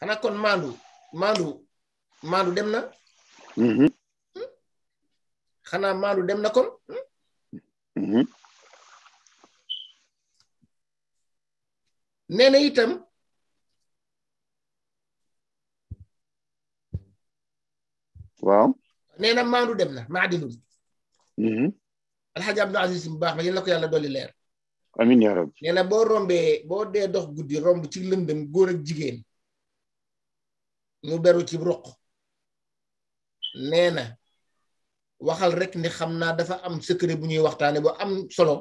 xanaa kon maandu maandu maandu dem na. Mm-hmm. xanaa maandu dem na kon. Mm-hmm. nee na itam waaw nee na maandu dem na maadilul mm-hmm. alxaji abdu aziz bu baax ma yéen la ko yàlla dolli leer amin yaa rabbi boo rombee boo dee dox guddi romb ci lëndëm góor ak jigéen mu beru ci ruq nee na waxal rek ni xam naa dafa am secret bu ñuy waxtaanee bu am solo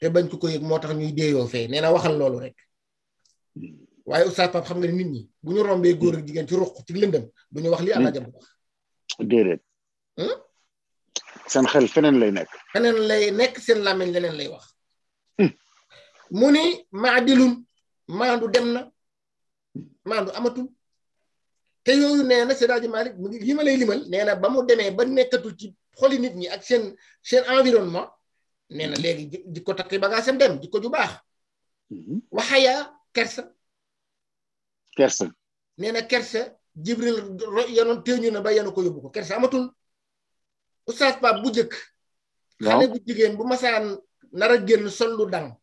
te bañ ko ko yëg moo tax ñuy deeyoo fee nee na waxal loolu rek waaye oustaz Pape xam nga nit ñi bu ñu rombee góor ak jigéen ci ruq ci lëndëm du ñu wax li àlla jam wax déedéet hmm? seen xel feneen lay nekk feneen lay nekk seen làmmiñ leneen lay wax hmm. mu ni maadilum maandu dem na maandu amatul te yooyu nee na Seydi Hadji Malick mu ngi ma lay limal nee na ba mu demee ba nekkatul ci xoli nit ñi ak seen seen environnement nee na léegi di ko takk bagaasam dem di ko ju baax mhm. waxaya kersa kersa nee na kersa jibril yanoon téeñu na ba yanu ko yóbbu ko kersa amatul oustaz Pape bu jëkk xale bu jigéen bu masaan nara a génn sol lu dang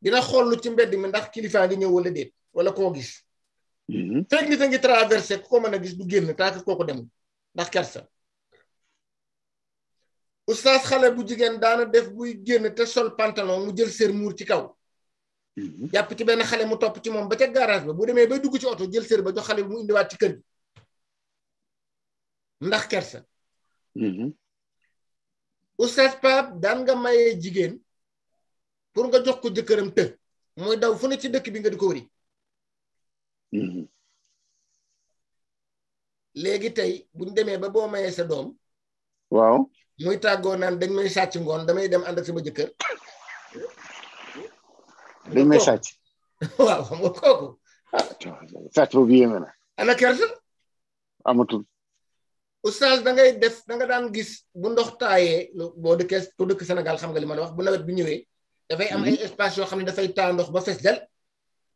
dina xool lu ci mbedd mi ndax kilifaa ngi ñëw wala déet wala koo gis Mm-hmm. fekk nit a ngi traversé ku ko mën a gis du génn taaka ko dem ndax kersa oustaz xale bu jigéen daana def buy génn te sol pantalon mu jël sér muur ci kaw mm-hmm. jàpp ci benn xale mu topp ci moom ba ca garage ba bu demee bay dugg ci oto jël sér ba jox xale bi mu indiwaat ci kër gi ndax kersa mm-hmm. oustaz Pape daan nga mayee jigéen pour nga jox ko jëkkëram të mooy daw fu ne ci dëkk bi nga di ko wëri Mm-hmm. léegi tey buñ demee ba boo mayee sa doom waaw muy tàggoo naan dañ may sàcc ngoon damay dem ànd ak sama jëkkër dañ may sàcc waaw xam nga kooku sàcc boobu yéeme na ana kersa amatul oustaz da ngay def danga daan gis bu ndox taayee boo dëkkee ku dëkk Sénégal xam nga li ma wax bu nawet bi ñëwee dafay am mm-hmm. ay yoo xam ne dafay taa ndox ba fees del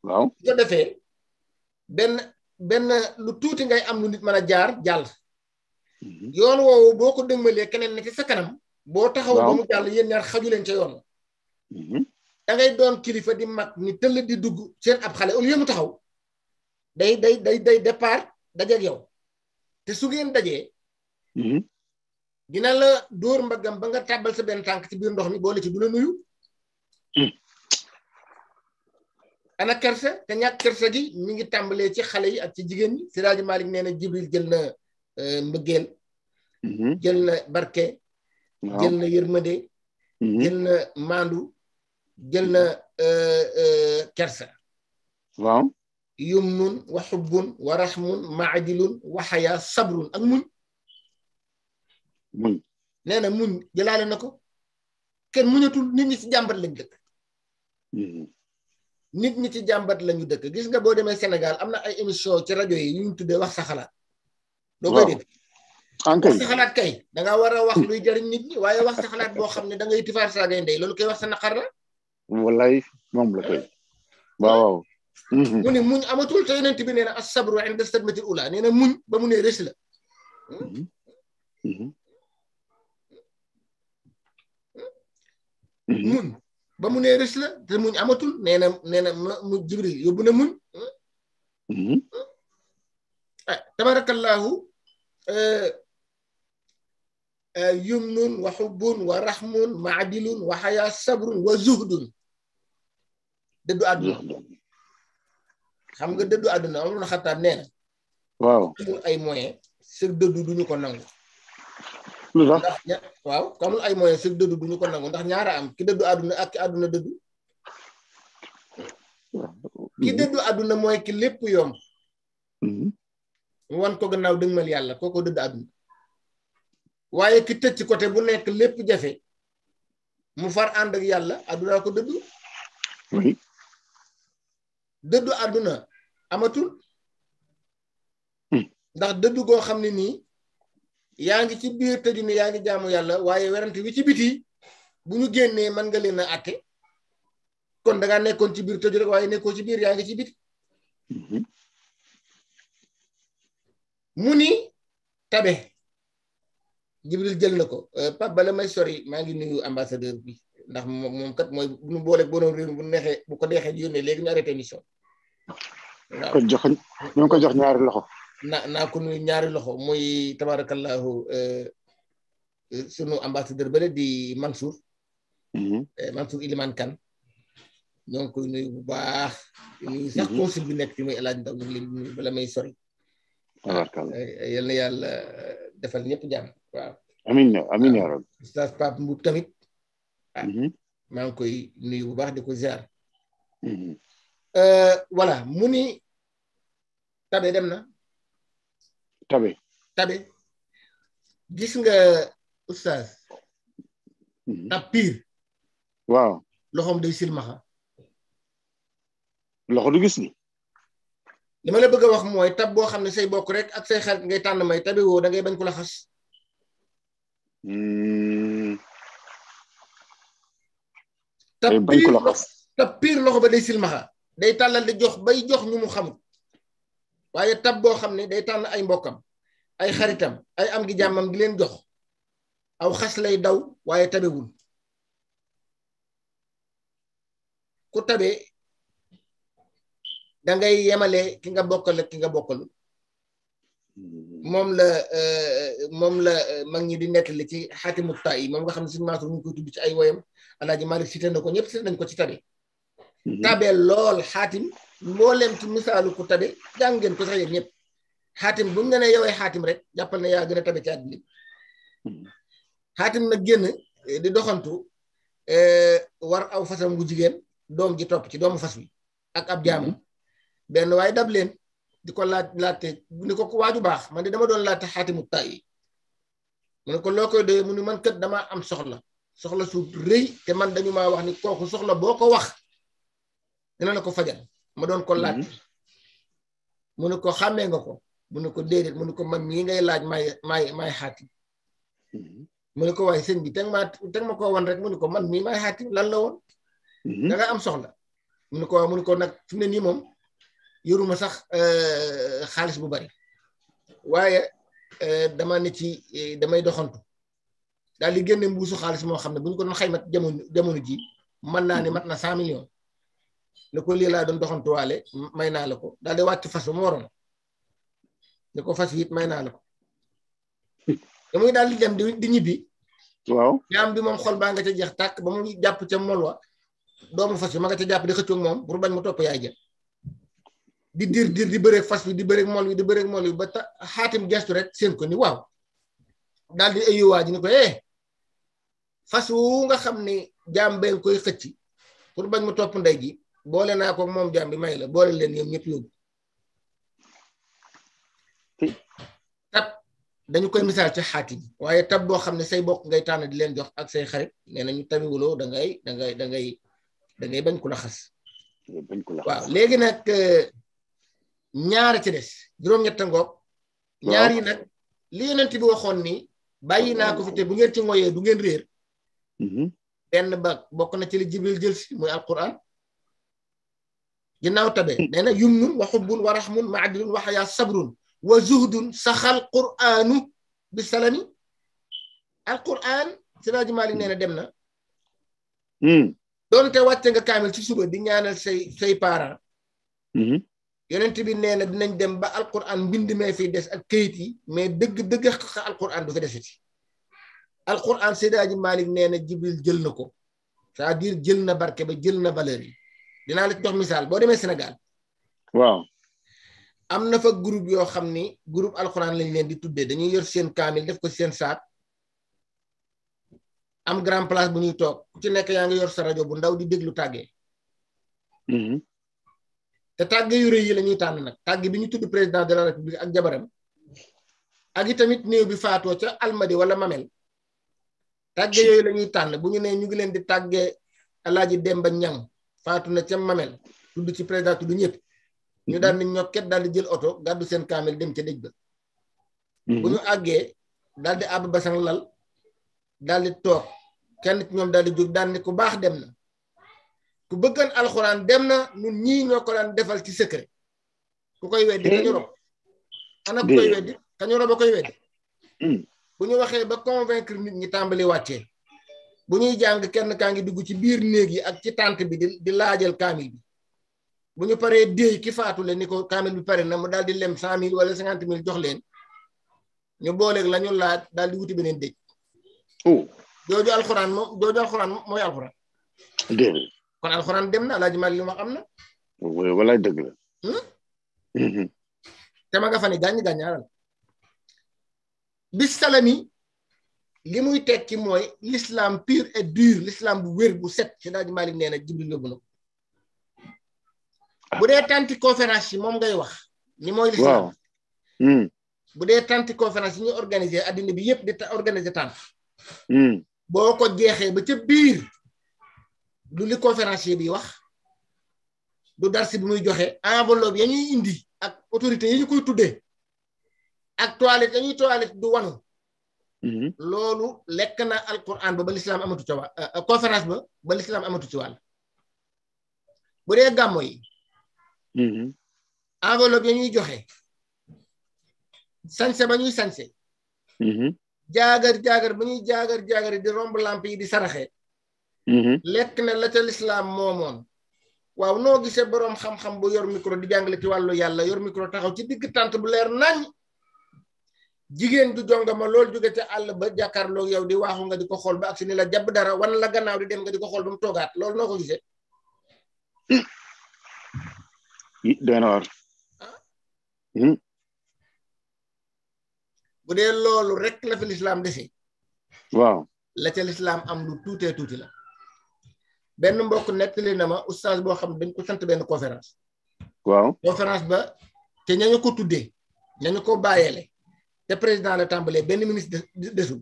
waaw su ko defee benn benn lu tuuti ngay am lu nit mën a jaar jàll. Mhm. yoon woowu boo ko dëgmalee keneen ne ci sa kanam. boo taxaw ba mu jàll yéen ñaar xaju leen ca yoon. Mhm. da doon kilifa di mag ni tëll di dugg seen ab xale au lieu taxaw. day day day day départ dajeeg yow. te su ngeen dajee. Mhm. dina la dóor mbagam ba nga tàbbal sa benn tànk ci biir ndox mi boole ci du la nuyu. Mm. ana kersa te ñàkk kersa gi mi ngi tàmbalee ci xale yi ak ci jigéen ñi Siraaji Malik nee na Jibril jël na euh, mbëggeel mhm. jël na barke jël na yërmande mhm. jël na maandu jël na euh, euh, kersa waaw yumnun wa xubbun wa raxmun maadilun wa xayaa sabrun ak muñ muñ nee na muñ jëlaale na ko kenn muñatul ni ñi si jàmbat lañ dëkk mhm. nit ñi ci jàmbat lañu dëkk gis nga boo demee Sénégal am na ay émission ci rajo yi ñu tuddee wax sa xalaat. doo wax sa xalaat kay da nga war a wax luy jëriñ nit ñi waaye wax sa xalaat boo xam ne da ngay tifaar saa ngay ndey loolu koy wax sa naqar la. wallaay moom la koy waaw mhm. mu ne muñ amatul te yonent bi nee na as-sabru inda sadmatil ula nee muñ ba mu ne rës la. Mhm. Mhm. muñ. ba mu nee rës la te muñ amatul nee na nee na mu jibril yóbbu na muñ mhm. ah tabarakallahu eh, eh, yumnun wa xubbun wa raxmun wa wa xayaa sabrun wa zuhdun dëddu àdduna xam nga dëddu àdduna amul na xataab nee na waaw amul ay moyen sër dëddu duñu ko nangu waaw ku amul ay moyens si dëddu duñu ko nangu ndax ñaara am ki dëddu àdduna ak ki àdduna dëddu ki mm-hmm. dëddu àdduna mooy ki lépp yomb mm-hmm. mu wan ko gannaaw dëgmal yàlla kooko dëdd àdduna waaye ki tëj ci côté bu nekk lépp jafe mu far ànd ak yàlla àdduna ko dëddu dëddu àdduna amatul mm. ndax dëddu goo xam ne nii yaa ngi ci biir tëju ni yaa ngi jaamu yàlla waaye werante wi ci biti bu ñu génnee mën nga leen a àtte kon da ngaa nekkoon ci biir tëju rek waaye nekkoo ci biir yaa ngi ci biti mm-hmm. mu ni tabe Jibril jël na ko euh, Pape bala may sori maa ngi nuyu ambassadeur bi ndax moom kat mooy bu ñu booleeg borom bu neexee bu ko neexee yónnee léegi ñu arrêté émission. waaw ko jox ñoo loxo. na naa ko nuyu ñaari loxo muy tabarakallahu eh, eh, sunu ambassadeur bële di Mansour mm-hmm. eh, Mansour Iliman Kan ñoo ngi koy nuyu bu baax nuyu mm-hmm. sax consul bi nekk fi muy El Hadj Ndaw ñu yal yàlla defal ñëpp jàmm waaw amin amin yaa rab ah, oustaz Pape Mboup tamit ah, mm-hmm. maa ngi koy nuyu bu baax de ko ziar voilà tabe dem tabe tabe gis nga oustaz ab piir waaw loxoom day silmaxa loxo du gis ni li ma la bëgg wax mooy tab boo xam ne say bokk rek ak say xarit ngay tànn may tabe woo da bañ ko la xas hmm. tab piir loxo ba day silmaxa day tàllal di jox bay jox ñu mu waaye tab boo xam ne day tànn ay mbokkam ay xaritam ay am gi jàmmam gi leen jox aw xas lay daw waaye tabewul ku tabe dangay yemale ki nga bokkal ak ki nga bokkalu moom la euh, moom la mag ñi di nettali ci xaatimu taa yi moom nga xam ne suñu maatur ñu koy tudd ci ay woyam alaaji Malik cité na ko ñëpp cité nañ ko ci tabe mhm. tabe lool xaatim mbooleem ci misaalu ku tabe jàng ngeen ko sax yéen ñëpp xaatim bu ñu ne ne rek jàppal na yaa gën a tabe ci àddina xaatim nag génn eh, di doxantu eh, war aw fasam wu jigéen doom ji topp ci doomu fas wi ak ab jaamu mm-hmm. benn waaye dab leen di ko laaj laajte ni ko ko waaju baax man de dama doon laajte xaatimu tay yi mu ne ko loo koy doyee mu ni man kat damaa am soxla soxla su rëy te man dañu ma wax ni kooku soxla boo ko wax dina la ko fajal ma doon ko laaj mhm. mu ne ko xàmmee nga ko mu ne ko déedéet mu ko man mii ngay laaj may maay may xaati mhm. mu ne ko waaye sëñ bi teg maa teg ma koo wan rek mu ne ko man mii may xaatim lan la woon mhm. da am soxla mu ne ko waaw ko nag fi ne nii moom yoruma sax euh, xaalis bu bari waaye euh, dama ne ci eh, damay doxantu daal di génne mbuusu xaalis moo xam ne bu ñu ko doon xayma jamono jamono ji mën naa ne mat na cent millions ne ko lii laa doon doxam doxantuwaale may naa la ko daal di wàcc fas mu waroon ne ko fas it may naa la ko da muy daal di dem di ñibbi waaw jaam bi moom xol baa nga ca jeex tàkk ba mu jàpp ca mol wa doomu fas bi ma nga ca jàpp di xëccoog moom pour bañ mu topp yaay jëm di diir diir di bëreeg fas bi di bëreeg mol wi di bëreeg mol wi ba ta xaatim gestu rek seen ko ni waaw daal di ayu ni ko eh fas nga xam ni jaam bee koy xëcc pour bañ mu topp ndey ji boole naa ko moom jaam bi may la boole leen ñoom ñëpp yóbbu tab dañu koy misaal ci xaati bi waaye tab boo xam ne say bokk ngay tànn di leen jox ak say xarit nee nañu tabiwuloo da dangay dangay dangay da ngay da ngay bañ ku la waaw léegi nag euh, ñaara ci des juróom-ñett ngoog ñaar yi nag li yonent bi waxoon ni bàyyi naa ko fi te bu ngeen ci ngoyee du ngeen réer mhm. benn ba bokk na ci la jibril jël si muy alquran ginnaaw tabe nee na yumnun wa xubbun wa raxmun wa adlun wa xayaa sabrun wa zuhdun saxal quraanu bi salami al quran siraaji maalik nee na dem na doonte wàcce nga kaamil ci suba di ñaanal say say parents yonent bi nee na dinañ dem ba alquran mbind mee fi des ak këyit yi mais dëgg dëgg xa alquran du fi desiti alquran siraaji maalik nee na jibril jël na ko c'est-à-dire jël na barke ba jël na valeur yi dina la jox misal bo demé Sénégal. waaw. amna fa groupe yo xamni groupe alxuraan lañ leen di tuddé dañuy yor sen kamil def ko sen sac am grand place bu ñuy tok ku ci nek ya nga yor sa radio bu ndaw di déglu hmm té tàgge yu reuy yi la ñuy tànn nag bi ñu tudd président de la république ak jabaram ak itamit neew bi faato ca almadi wala mamel tàgge yooyu lañuy tan bu ñu né ñu ngi leen di Demba Ñang faatu na ca mamel tudd ci président tudd ñëpp ñu daal di mhm. ñokket daal di jël oto gàddu seen kaamel dem ca dëj ba mhm. bu ñu àggee daldi di àbb basang lal daal toog kenn ñoom daal di jóg daal ku baax dem na ku bëggan alxuraan dem na ñun ñii ñoo ko daan defal ci secret ku koy weddi mhm. kañu rob ana ku koy weddi kañu rob koy weddi bu ñu waxee ba convaincre nit ñi tàmbali wàccee bu ñuy jàng kenn kaa ngi dugg ci biir néeg yi ak ci tànt bi di di laajal kaamil bi bu ñu paree déey ki faatu faatule ni ko kaamil bi pare na mu daal di lem cent mille wala cinquante mille jox leen ñu booleeg la ñu laaj daal di wuti beneen déj oh. jooju alxuraan moom jooju alxuraan mooy alxuraan déedéet kon alxuraan dem na alaaji Maalik li wax am na walaay dëgg la hmm? Hmm, hmm. te ma nga fa ne gàññ gàññaaral bis salami li muy tekki mooy l'islam pur et dur l'islam bu wér bu set ci daaj Malick nee na Jibril yóbbu na ko ah. bu dee tanti conférence yi moom ngay wax ñi mooy l'islam hmm. bu dee tanti conférence yi ñu organiser addina bi yëpp di organiser tant hmm. boo ko jeexee ba ca biir du li conférencier bi wax du darsi bu muy joxe enveloppe ya ñuy indi ak autorité yi koy tuddee ak toilette ya ñuy toilette du wanu Mhm. Lalu, lekk na alquran ba ba lislaam amatu ca wa eh, conférence ba ba lislaam amatu ci wàll bu dee gàmmo yi mhm. enveloppe ya ñuy joxe sanse ba ñuy sanse mhm. jaagar jaagar ba ñuy jaagar jaagar di romb lamp yi di saraxe lekk na la ca lislaam moomoon waaw noo gisee boroom xam-xam bu yor micro di jàngale ci wàllu yàlla yor micro taxaw ci digg tànt bu leer nañ jigéen du jongama loolu jóge te àll ba jàkkaarloog yow di waaxu nga di ko xool ba ak si ni la jàpp dara wan la gannaaw di dem nga di ko xool ba mu toogaat loolu noo ko gisee. doy na waar. Ah? Hmm? bu dee loolu rek la fi lislaam dese. waaw la lislaam am lu tuutee tuuti la. benn mbokk nettali na ma oustaz boo xam dañ ko sant benn conférence. waaw conférence ba te ñañu ko tudde ñañu ko bàyyeele. te président la tàmbalee benn ministre desul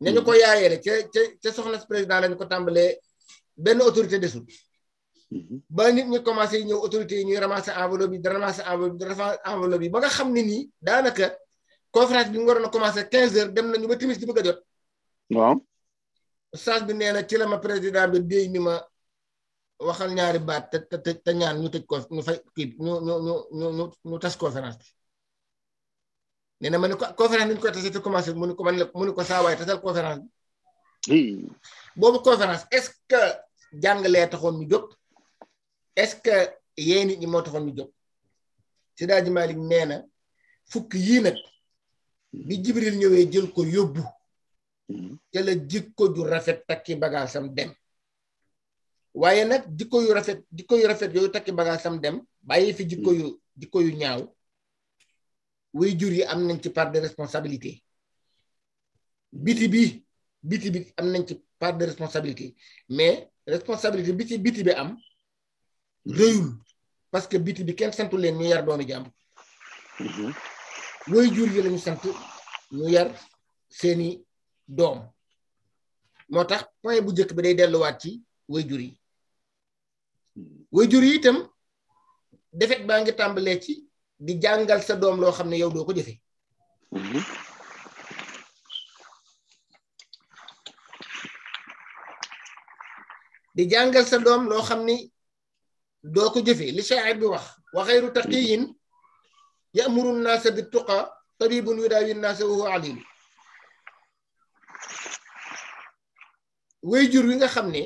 nañu hmm. ko yaayee rek ca ca ca soxna président lañu ko tàmbalee benn autorité desul hmm. ba nit ñi commencé ñëw autorité yi ñuy ramasser enveloppe yi di ramasser enveloppe di ramasser enveloppe yi ba nga xam ne nii daanaka conférence bi mu waroon a commencé 15 heures dem nañu ba timis di bëgg a jot. waaw. bi nee na ci la ma président bi déy ni ma waxal ñaari baat te te te ñaan ñu tëj ko ñu kii ñu ñu ñu ñu ñu tas conférence bi. nena man ko conférence ni ko tassé tase te commencé mu ko man la mu ko sa way tassal conférence bi. boobu conférence est ce que jàngalee taxone ñu jop est ce que yee nit ñi daaji malik nena fukk yi nak bi Jibril ñëwee jël ko yobbu ca la jikko ju rafet takki bagasam dem. waaye nak jikko yu rafet jikko yu rafet yooyu takki bagasam dem bayi fi jikko yu jikko yu ñaaw. way jur yi am part de responsabilité biti bi biti bi part de responsabilité mais responsabilité bi biti bi am parce que biti bi kenn santu leen ñu yar doomi mhm. way jur yi lañu sant ñu yar seeni doom moo point bu bi day delluwaat ci way jur yi mhm. way jur yi di jàngal sa doom loo xam ne yow doo ko jëfe mhm. di jàngal sa doom loo xam ni doo ko jëfe li shaa'ir bi wax wa xayru taqiyin ya'muru naasa bi tuqa tabibun yudaawi naasa wa huwa alim waajur wi nga xam ne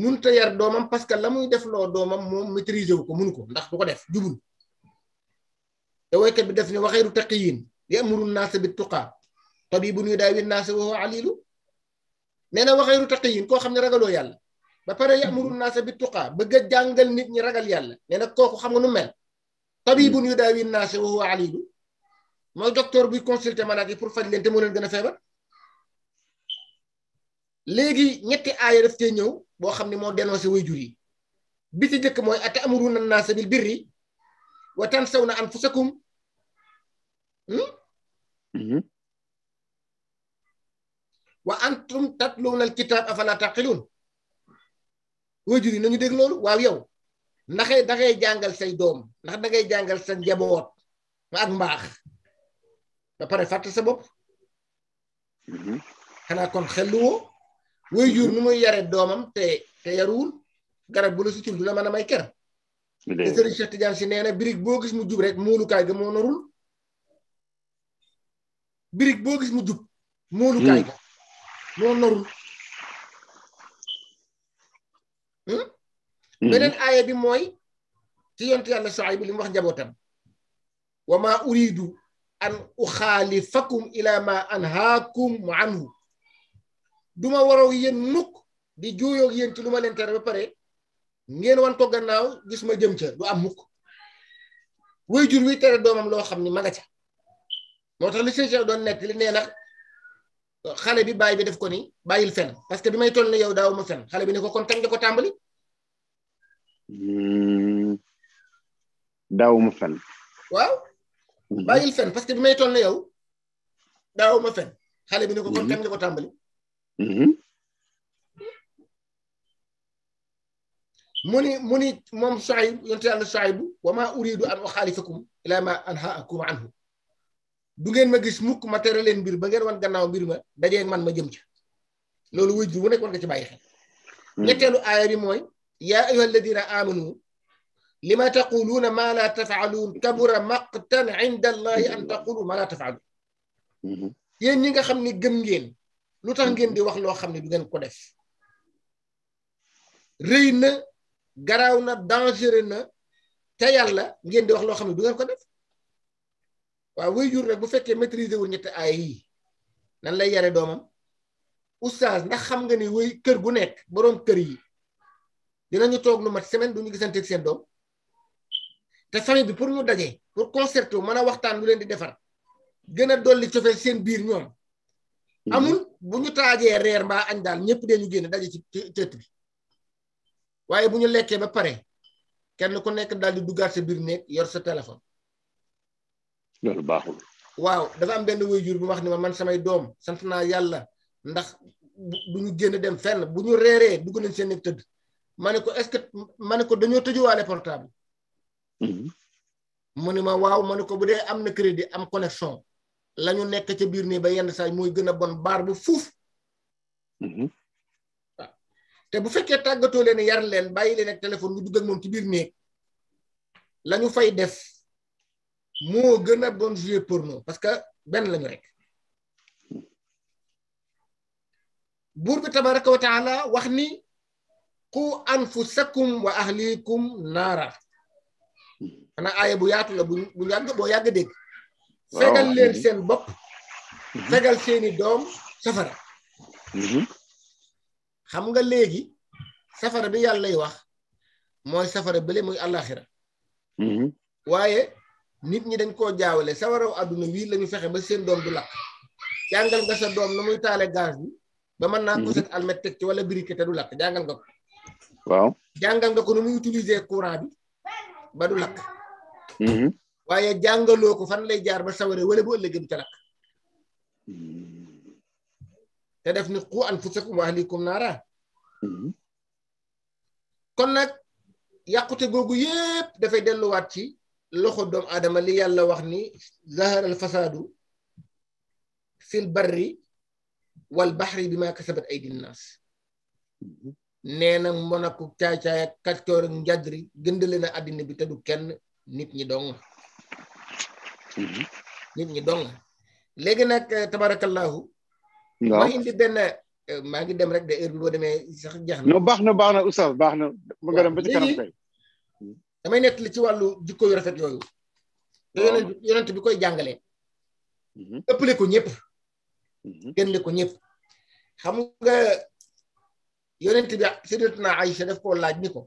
munta yar doomam parce que la muy def loo doomam moom maîtriser wu ko munu ko ndax du ko def jubul te woykat bi def ne wa xayru taqiyin yamuru naasa bi tuqaa tabibun yudaawi naasa wa huwa alilu nee na wa xayru taqiyin koo xam ne ragaloo yàlla ba pare yamuru naasa bi tuqaa bëgg a jàngal nit ñi ragal yàlla nee na kooku xam nga nu mel tabibun yudaawi naasa wa huwa alilu mooy docteur buy consulté malade yi pour faj leen te moo leen gën a feebar léegi ñetti aaya daf cee ñëw boo xam ne moo dénoncé waajur yi bi ci njëkk mooy ata amuruna naasa bil birri wa tansawna anfusakum Hmm? wa antum tatluna alkitab afala taqilun wajuri nañu deg loolu waaw yow ndaxay da ngay jangal say dom ndax da ngay jangal sa njaboot ak mbax ba pare fatte sa hmm. bop xanaa kon xelluwoo way jur nu muy yare domam te te yarul garab bu lu sutul du la mën may ker ni de ci ci si ci neena birig bo gis mu jub rek kay ga mo norul birig boo gis mu jub. moolu kaay ga hmm. moo norul. Hmm? Hmm. beneen aaya bi mooy ci yontu yàlla Shuayb li mu wax njabootam. wa maa uridu an uxaalifakum ila ma anhaakum anhu duma waroo yéen mukk di juuyoo yéen ci lu ma leen tere ba pare ngeen wan ko gannaaw gis ma jëm ca du am mukk way jur wi tere doomam loo xam ni ma nga moo tax li seen Cheikh doon nekk li nee na xale bi bàyyi bi def ko ni bàyyil fen parce que bi may toll ni yow daaw ma fen xale bi ne ko kon ko tàmbali. Hmm. daaw ma fen. waaw. Hmm. bàyyil fen parce que bi may toll ni yow daaw ma fen. xale bi ne ko kon hmm. kañ ko tàmbali. mu ni mu ni moom Shuayb yonte yàlla Shuayb wa maa uridu an uxaalifakum ilaa maa anhaakum anhu du ngeen ma gis mukk ma leen mbir ba ngeen wan gannaaw mbir ma dajee man ma jëm ca loolu wëj bu nekk war nga ci bàyyi xel hmm. ñetteelu aaya bi mooy yaa ayuha alladina amanu lima taquluuna ma la tafaaluun kabura maqtan inda allahi an taqulu ma la tafaaluun hmm. yéen ñi nga xam ni gëm ngeen lu tax ngeen di wax loo xam ne du ngeen ko def rëy na garaaw na dangereux na te yàlla ngeen di wax loo xam ne du ngeen ko def waaw way jur nag bu fekkee maîtriser wul ñetti aay yi nan lay yare doomam oustaz ndax xam nga ni way kër gu nekk boroom kër yi dinañu toog lu mat semaine du ñu gisanteeg seen doom te famille bi pour ñu daje pour concerto mën a waxtaan lu leen di defar gën a dolli cofeel seen biir ñoom mhm. amul bu ñu taajee reer mbaa añ daal ñëpp dañu génn daje ci cëtt bi waaye bu ñu lekkee ba pare kenn ku nekk daal di duggaat sa biir néeg yor sa téléphone loolu baaxul. waaw dafa am benn waajur bu wax ni ma man samay doom sant naa yàlla ndax bu ñu génn dem fenn bu ñu reeree dugg nañ seen nekk tëdd ma ne ko est-ce que ma ne ko dañoo tëjuwaale portable. Mhm. mu ne ma waaw ma ne ko bu dee am na crédit am connexion lañu ñu nekk ca biir nii ba yenn saa mooy gën a bon baar bu fuuf. Mhm. waaw te bu fekkee tàggatoo leen yar leen bàyyi leen ak téléphone bu dugg ak moom ci biir néeg lañu fay def. moo gën a bon joueur pour nous parce que benn lañu rek buur bi tabaraka wa taala wax ni qu anfusakum wa ahlikum naara xanaa aaya bu yaatu la bu bu yàgg boo yàgg dégg fegal leen mhm. seen bopp mhm. fegal seeni doom safara mhm. xam nga léegi safara bi yàllay wax mooy safara bële muy àllaaxira waaye nit ñi dañ koo jaawale sawaraw àdduna wii la ñu fexe ba seen doom du lakk jàngal nga sa doom na muy taale gaz bi ba mën naa ko mhm. set almet teg ci wala briquet te du lakk jàngal nga ko waaw jàngal nga ko nu muy utiliser bi ba du lakk mhm. waaye jàngaloo ko fan lay jaar ba saware wala bu ëllëgee du ca lakk te def ni qu anfusakum wa ahlikum naara mhm. kon nag yàqute googu yépp dafay delluwaat ci loxo doomu aadama li yàlla wax ni zahara al fasaadu fil barri wal baxri bi ma kasabat ay dinnaas nee na monaku caay-caay ak kaccoor njadri gëndale na àddina bi te du kenn nit ñi dong nit ñi dong léegi nag eh, tabarakallahu ma indi benn eh, maa ngi dem rek de heure bi boo demee sax jeex na. non baax na baax na oustaz baax na. ba nga dem ba ci kanam kay damay li ci wàllu jikko yu rafet yooyu. te yonent yonent bi koy jàngalee. Mhm. ëppale ko ñëpp. Mhm. gënle ko ñëpp. xam nga yonent bi Sayyidatuna Aïcha daf koo laaj ni ko.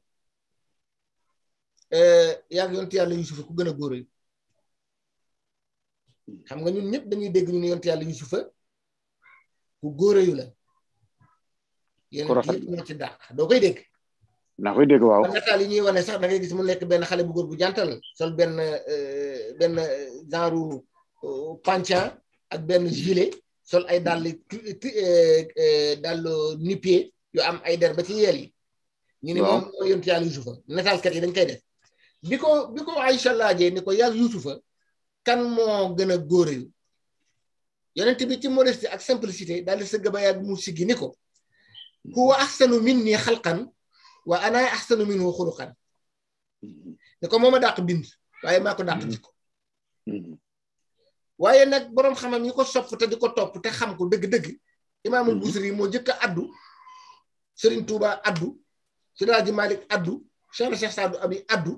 Euh, yaa ngi yonent yàlla Yusufa ku gën a góor mhm. xam nga ñun ñëpp dañuy dégg ñu ne yonent yàlla Yusufa ku góor yu la. ku rafet yéen ci dàq doo koy dégg. naa koy dégg waaw nataal yi ñuy wane sax da ngay gis mu nekk benn xale bu góor bu jantal sol benn euh, benn genre euh, ak benn gilet sol ay dàll euh, dàll nu yu am ay der ba ci yeel yi ñu ne moom mooy yontu yàlla yusufa nataalkat yi dañ koy def bi ko bi ko Aïcha laajee ni ko yàlla yusufa kan moo gën a góor yu yonent bi ci modestie ak simplicité daal di sëgg ba yàgg siggi ni ko huwa ahsanu minni xalkan waa ana ahsanu minhu xuluqan mm-hmm. ne ko a daq bind waaye maa ko dàq mm-hmm. jikko mm-hmm. waaye nag boroom xamam yi ko sopp te di ko topp te xam ko dëgg-dëgg imaamul busiri moo jëkk a addu Serigne Touba addu Seydi Hadji Malick addu Cheikh Cheikh Abi addu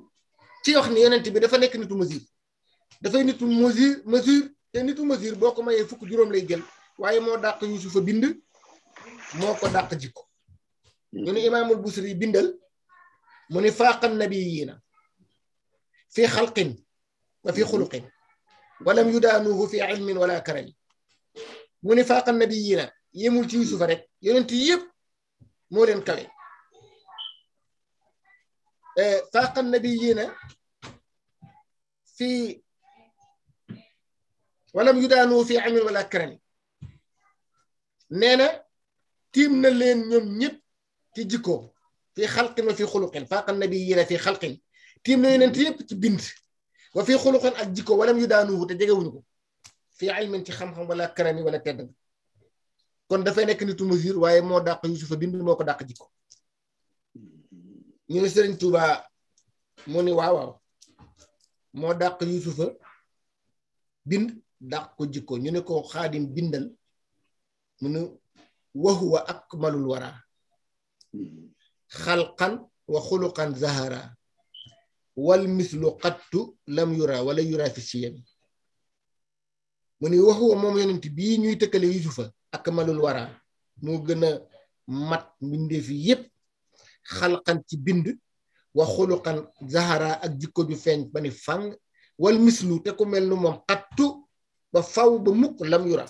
ci wax ni yonent bi dafa nekk nitu mesure dafay nitu mesure mesure te nitu mesure boo ko mayee fukk juróom lay jël waaye moo dàq Yuusufa bind moo ko dàq jikko ñu ni imaamul busri bindal mu ni faaqan nabiyiina fi xalqin wa fi xuluqin walam yudaanuhu fi ilmin wala karami mu ni faaqan nabiyiina yemul ci yusufa rek yonent yëpp moo leen kawe eh, faaqan nabiyiina fi walam yudaanuhu fi ilmin wala karami nee na tiim na leen ñoom ñëpp ci jikkoom fii xalqin wa fii xuluqin faaqa nabiyyiina fii xalqin tiim na yonent yépp ci bind wa fii xuluqin ak jikko walam yu daanuhu te jegewuñu ko fii ilmin ci xam-xam wala karami wala tedd kon dafay nekk nitu mesure waaye moo dàq Yuusufa bind moo ko dàq jikko ñu ne Sëriñ Tuuba mu ni waaw waaw moo dàq Yuusufa bind dàq ko jikko ñu ne ko xaadim bindal mu ne wa huwa akmalul waraa خلقا وخلقا زهرا والمثل قد لم يرى ولا يرى في السيم mu ni waxoo moom yonent bii ñuy tëkkale yusufa ak malul wara moo gën a mat mbindeef yi yépp xalqan ci bind wa xuluqan zahara ak jikko ju feeñ ba ni fang wal mislu te ku mel ni moom xattu ba faw ba mukk lam yura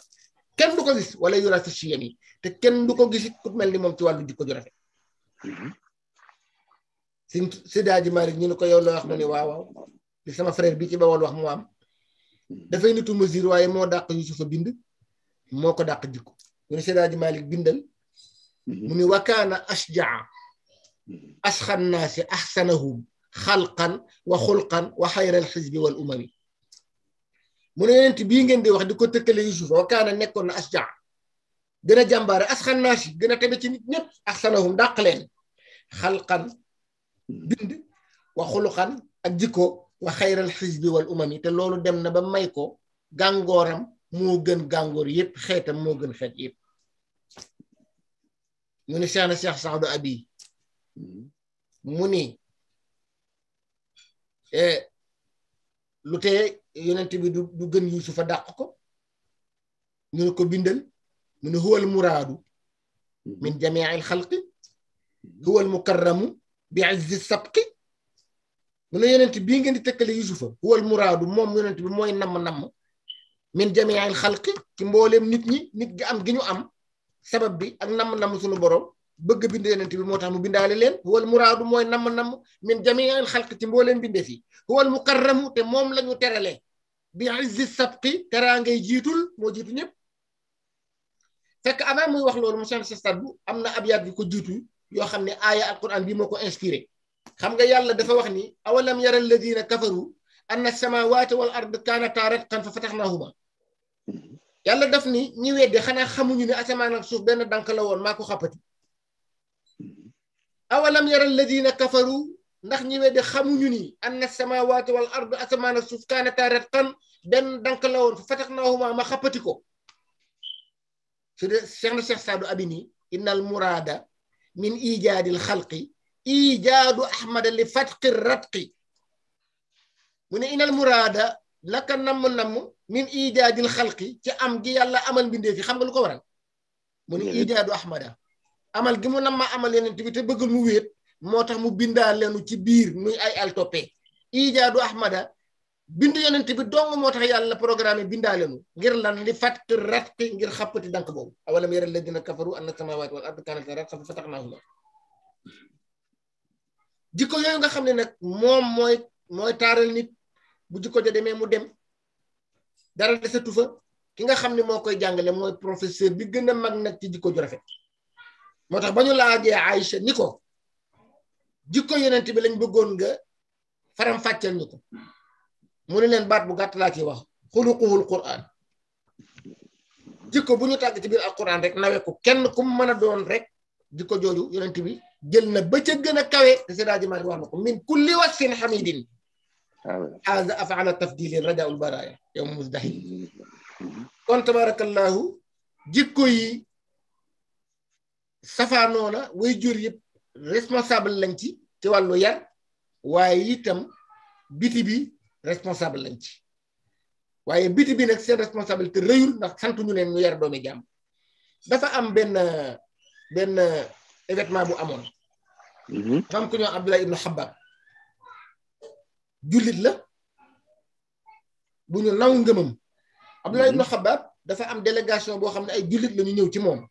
kenn du ko gis wala yura sa chiyam yi te kenn du ko gis ku mel ni moom ci wàllu jikko ju rafet si Seydi Ji Malick ñu ne ko yow la wax mu ne waaw waaw li sama frère bi ci bawol wax mu am dafay nitu mesure waaye moo dàq Yusufa bind moo ko dàq jikko ñu ne Seydi Ji Malick bindal mhm. mu ne wakaana ashjaa asxan naasi axsanahum xalqan wa xulqan wa xayral xisbi wal umami mu ne yonent bii ngeen de wax di ko tëkkale Yusufa wakaana nekkoon na ashjaa gën jàmbaar jàmbaare asxan gën a tebe ci nit ñëpp axsanahum dàq leen xalqan bind wa xuluqan ak jikko wa xayral xisbi wal umami te loolu dem na ba may ko gàngooram moo gën gàngoor yëpp xeetam moo gën xeet yëpp mu ni seexna seex saxdu abi mu ni e, lu tee yonent bi du gën yuusufa dàq ko ñu ne ko bindal من هو المراد من جميع الخلق هو المكرم بعز السبق من يننت بيغي ندي تكل يوسف هو المراد موم يننت بي موي نام نام من جميع الخلق كي مبولم نيت ني نيت غي ام غي ام سبب بي اك نام نام سونو بوروم بغ بيند يننت بي موتاخ مو بيندالي لين هو المراد موي نام نام من جميع الخلق تي مبولم بيند في هو المكرم تي موم لا نيو تيرالي بعز السبق ترى غي جيتول مو جيتو نيب fekk avant muy wax loolu monsieur Sestad bu am na abyaat yu ko jutu yoo xam ne aaya alquran bi moo ko inspiré xam nga yàlla dafa wax ni awalam yara alladina kafaru anna samawati wal ard kaanata ratqan fa fataxnaahuma yàlla daf ni ñi wedde xamuñu ne ak suuf benn dànk la woon maa ko xàppati awalam yara alladina kafaru ndax ñi wedde xamuñu ni anna samawati wal ard asamaan ak suuf kaanata kan benn dànk la woon fa fataxnaahuma ma xappati ko su dee Cheikh na Cheikh Saadu Abini innal muraada min ijaadil xalqi ijaadu ahmada li fatqi ratqi mu ne innal muraada naka namm namm min ijaadil xalqi ci am gi yàlla amal mbindee fi xam nga lu ko waral mu ne ijaadu ahmada amal gi mu nam amal yeneen bi te mu wéet moo tax mu bindaa lenu ci biir nuy ay altoppe ijaadu ahmada bindu yonent bi dong moo tax yàlla programme bindaale nu ngir lan li fàtt ratti ngir xappati dank boobu awalam yara alladina kafaru anna samawati wal ard kanata ratqan fafataqnahuma jikko yooyu nga xam ne nag moom mooy mooy nit bu jikko ja demee mu dem dara ki nga xam ne moo koy jàngale mooy professeur bi gën a mag nag ci jikko ju rafet moo tax ba ñu laajee Aïcha ni jikko yonent bi lañ bëggoon nga faram fàcceel ñu mu ne leen baat bu gàtt laa ciy wax xuluquhul quraan jikko bu ñu tàgg ci biir ak quraan rek nawe ko kenn ku mu mën a doon rek jikko jooju yonent bi jël na ba ca gën a kawe te si daaji maari ko min kulli wasfin xamidin haza afaala tafdilin rajaul baraya yow musdahil kon tabarakallahu jikko yi safaanoo na way jur yëpp responsable lañ ci ci wàllu yar waaye itam biti responsable lañ ci waaye biti bi nag seen responsabilité rëyul ndax santu ñu leen ñu yar doomi jàmm dafa am benn benn évétement bu amoon mm-hmm. dafa am ku ñoo Abdullah ibnu Xabab la bu ñu naw ngëmam Abdullah ibnu Xabab mm-hmm. dafa am délégation boo xam ne ay jullit la ñëw ci moom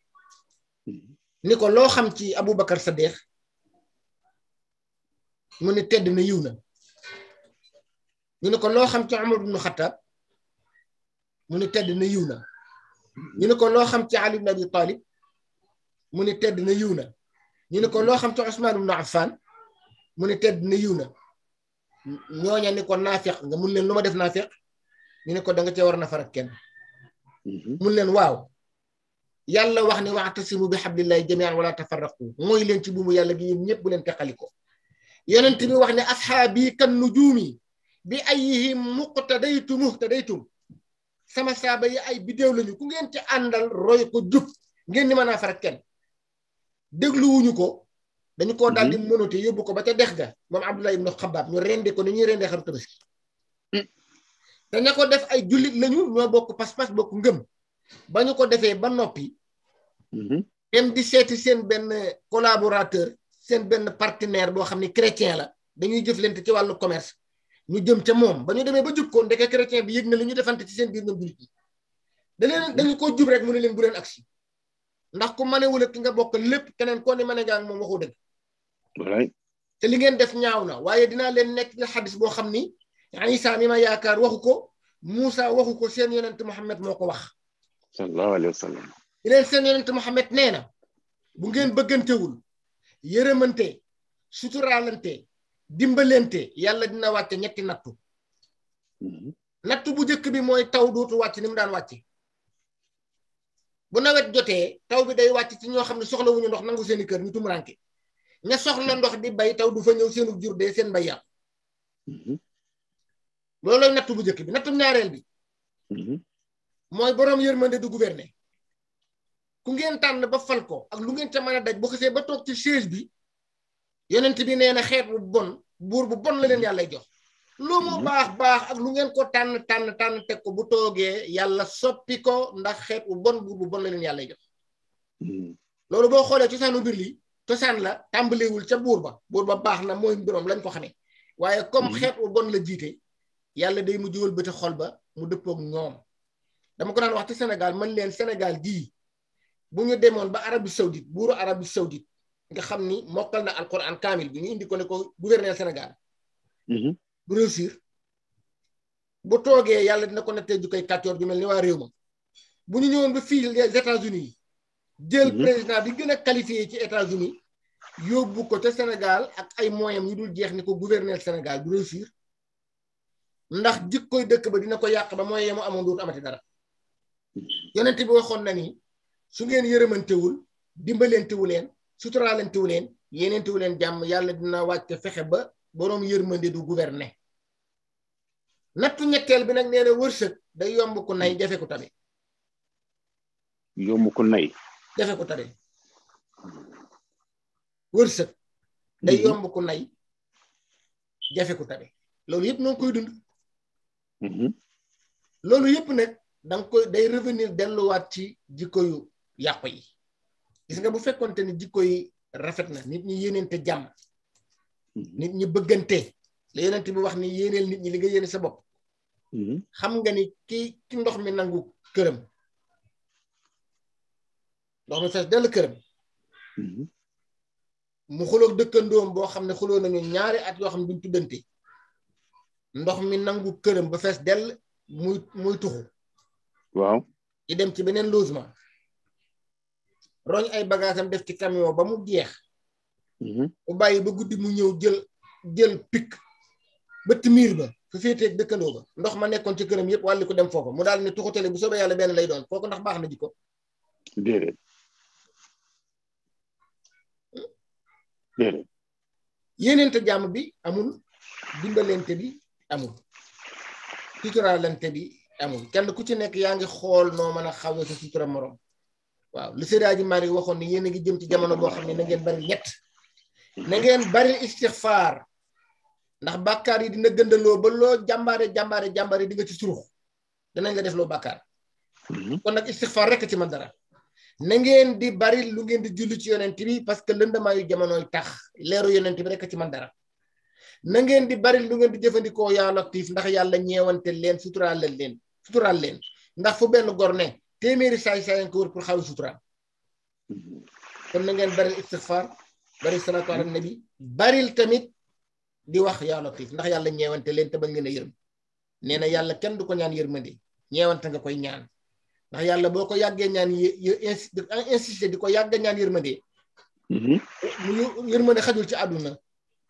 mm-hmm. ni ko loo xam ci abu Aboubacar Saddeex mu ne tedd na yiw na ñu ne ko loo xam ci Umar ibn Xattaab mu ne tedd na yiw na ñu ne ko loo xam ci Ali ibn Abi Talib mu ne tedd na yiw na ñu ne ko loo xam ci Usmaan ibn Affaan mu ne tedd na yiw na ñooña ni ko naafeq nga mun leen lu ma def naafeq ñu ne ko da nga cee war na farak kenn mhm. mun leen waaw yàlla wax ne wa'tasimu bi hablillahi jami'an wala tafarraqu mooy leen ci buumu yàlla gi yéen ñëpp bu leen teqali ko ti bi wax ne asxaabi kan nujuumi bi ay day ayihim day muhtadaytum sama saaba yi ay bidéew lañu ku ngeen ci àndal roy ko jub ngeen ni mën a faral kenn dégluwuñu ko dañu ko daal di mhm. mënute yóbbu ko ba ca dex ga moom Abdullah ibn Xabaab ñu rendee ko ni ñuy rendee xaru tabaski mhm. te ko def ay jullit lañu ñoo bokk pas-pas bokk ngëm ba ñu ko defee ba noppi mhm. dem di seeti seen benn collaborateur seen benn partenaire boo xam ne chrétien la dañuy jëflante ci wàllu commerce ñu jëm ca moom ba ñu demee ba jub ko ndeke chrétien bi yëg na li ñu defante ci seen biir ñoom jullit yi da leen dañu ko jub rek mu ne leen bu leen agsi ndax ku manewul ki nga bokk lépp keneen koo ne mane nga ak moom waxoo dëgg te li ngeen def ñaaw na waaye dinaa leen nekk la xadis boo xam ni Isa mi ma yaakaar waxu ko Moussa waxu ko seen yonent Mouhamed moo ko wax sallallahu alayhi wa sallam leen seen yonent Mouhamed nee na bu ngeen bëggantewul yërëmante suturaalante dimbalante yàlla dina wàcce ñetti nattu mhm. nattu bu njëkk bi mooy taw dootu wàcc ni mu daan wàcc bu nawet jotee taw bi day wàcc ci ñoo xam ne soxla wuñu ndox nangu seeni kër ñu tumuranke ña soxla ndox di bay taw du fa ñëw seenu jur de seen bay yàqu mhm. loolooy nattu bu njëkk bi nattum ñaareel bi mhm. mooy boroom yërmande du gouverner ku ngeen tànn ba fal ko ak lu ngeen ca mën a daj bu xasee ba toog ci siège bi yonent bi nee na xeet bu bon buur bu bon la leen yàlla jox lu mu mhm. baax baax ak lu ngeen ko tànn tànn tànn teg ko bu toogee yàlla soppi ko ndax xeet bu bon buur bu bon la leen yàlla jox mhm. loolu boo xoolee cosaanu mbir li cosaan la tàmbaliwul ca buur ba buur ba baax na mooy mbiroom lañ ko xamee waaye comme mhm. xeet bu bon la jiite yàlla day mu jiwal bëti xol ba mu dëppoog ñoom dama ko daan wax ci Sénégal man leen Sénégal gii bu ñu demoon ba Arabie Saoudite buuru Arabie Saoudite nga xam ni mokkal na alquran kaamil bi ñu indi ko ne ko gouverneur Sénégal. du mhm. réussir. bu toogee yàlla dina ko nattee ju koy kàccoor ju mel ni waa réew ma. bu ñu ñëwoon ba fii les états jël mhm. président bi gën a qualifié ci États-Unis yóbbu ko ca Sénégal ak ay moyens yu dul jeex ni ko gouverneur Sénégal du réussir. ndax koy dëkk ba dina ko yàq ba moyens mu amoon dootu amati dara. Mhm. yonent bi waxoon na ni su ngeen yërëmantewul dimbalentewuleen suturaalante wu leen yéeneente wu leen jàmm yàlla dina wàcc fexe ba boroom yërmande du gouverner nattu ñetteel bi nag nee na wërsëg day yomb ku nay jafe ku tabe. yomb nay. jafe ku tabe wërsëg. day mhm. yomb ku nay jafe ku tabe loolu yëpp noo koy dund. Mhm. loolu yëpp na da koy day revenir delluwaat ci jikko yu yàqu yi. gis nga bu fekkonte ni jikko yi rafet na nit ñi yéeneente jàmm mhm. nit ñi bëggante la yéeneente bi wax ni yéeneel nit ñi li nga sa bopp mhm. xam nga ni kii ci ndox mi nangu këram ndox mi fees dell këram mhm. mu xuloog dëkkandoom boo xam ne xuloo nañu ñaari at yoo xam ne duñ tuddante ndox mi nangu këram ba fees dell muy muy tuxu waaw di dem ci beneen logement roñ ay bagaasam def ci camion ba mu jeex bu mhm. bàyyi ba guddi mu ñëw jël jël pikk ba timiir ba fu féeteeg dëkkandoo ba ndox ma nekkoon ci këram yëpp wàlli ko dem foofa mu daal ne tuxutale bu soobee yàlla benn lay doon kooku ndax baax na jikko déedéet déedéet jàmm bi amul dimbalente bi amul suturaalante bi amul kenn ku ci nekk yaa ngi xool noo mën a xawee sa sutura morom waaw li Seydi mari waxoon ni yéen a ngi jëm ci jamono boo xam ne na ngeen bari ñett na ngeen bari istighfar ndax bàkkaar yi dina gëndaloo ba loo jàmbaare jàmbaare jàmbaare di nga ci surux danañ la def loo bàkkaar mhm. kon nag istighfar rek ci man dara na ngeen di bari lu ngeen di julli ci yonent bi parce que lëndamaayu jamonoy tax leeru yonent bi rek ci man dara na ngeen di bari lu ngeen di jëfandikoo yaa latif ndax yàlla ñeewante leen suturaal leen suturaal leen ndax fu benn gor téeméeri say say ko pour xaw sutra kon na ngeen bari istighfar bari salatu ala nabi baril tamit di wax ya latif ndax yalla ñewante len te ba leen yeur neena yalla kenn du ko ñaan yërmande ñewante nga koy ñaan ndax yalla boko yagge ñaan yu insisté di ko yàgg ñaan yërmande mm-hmm. mu yërmande xajul ci aduna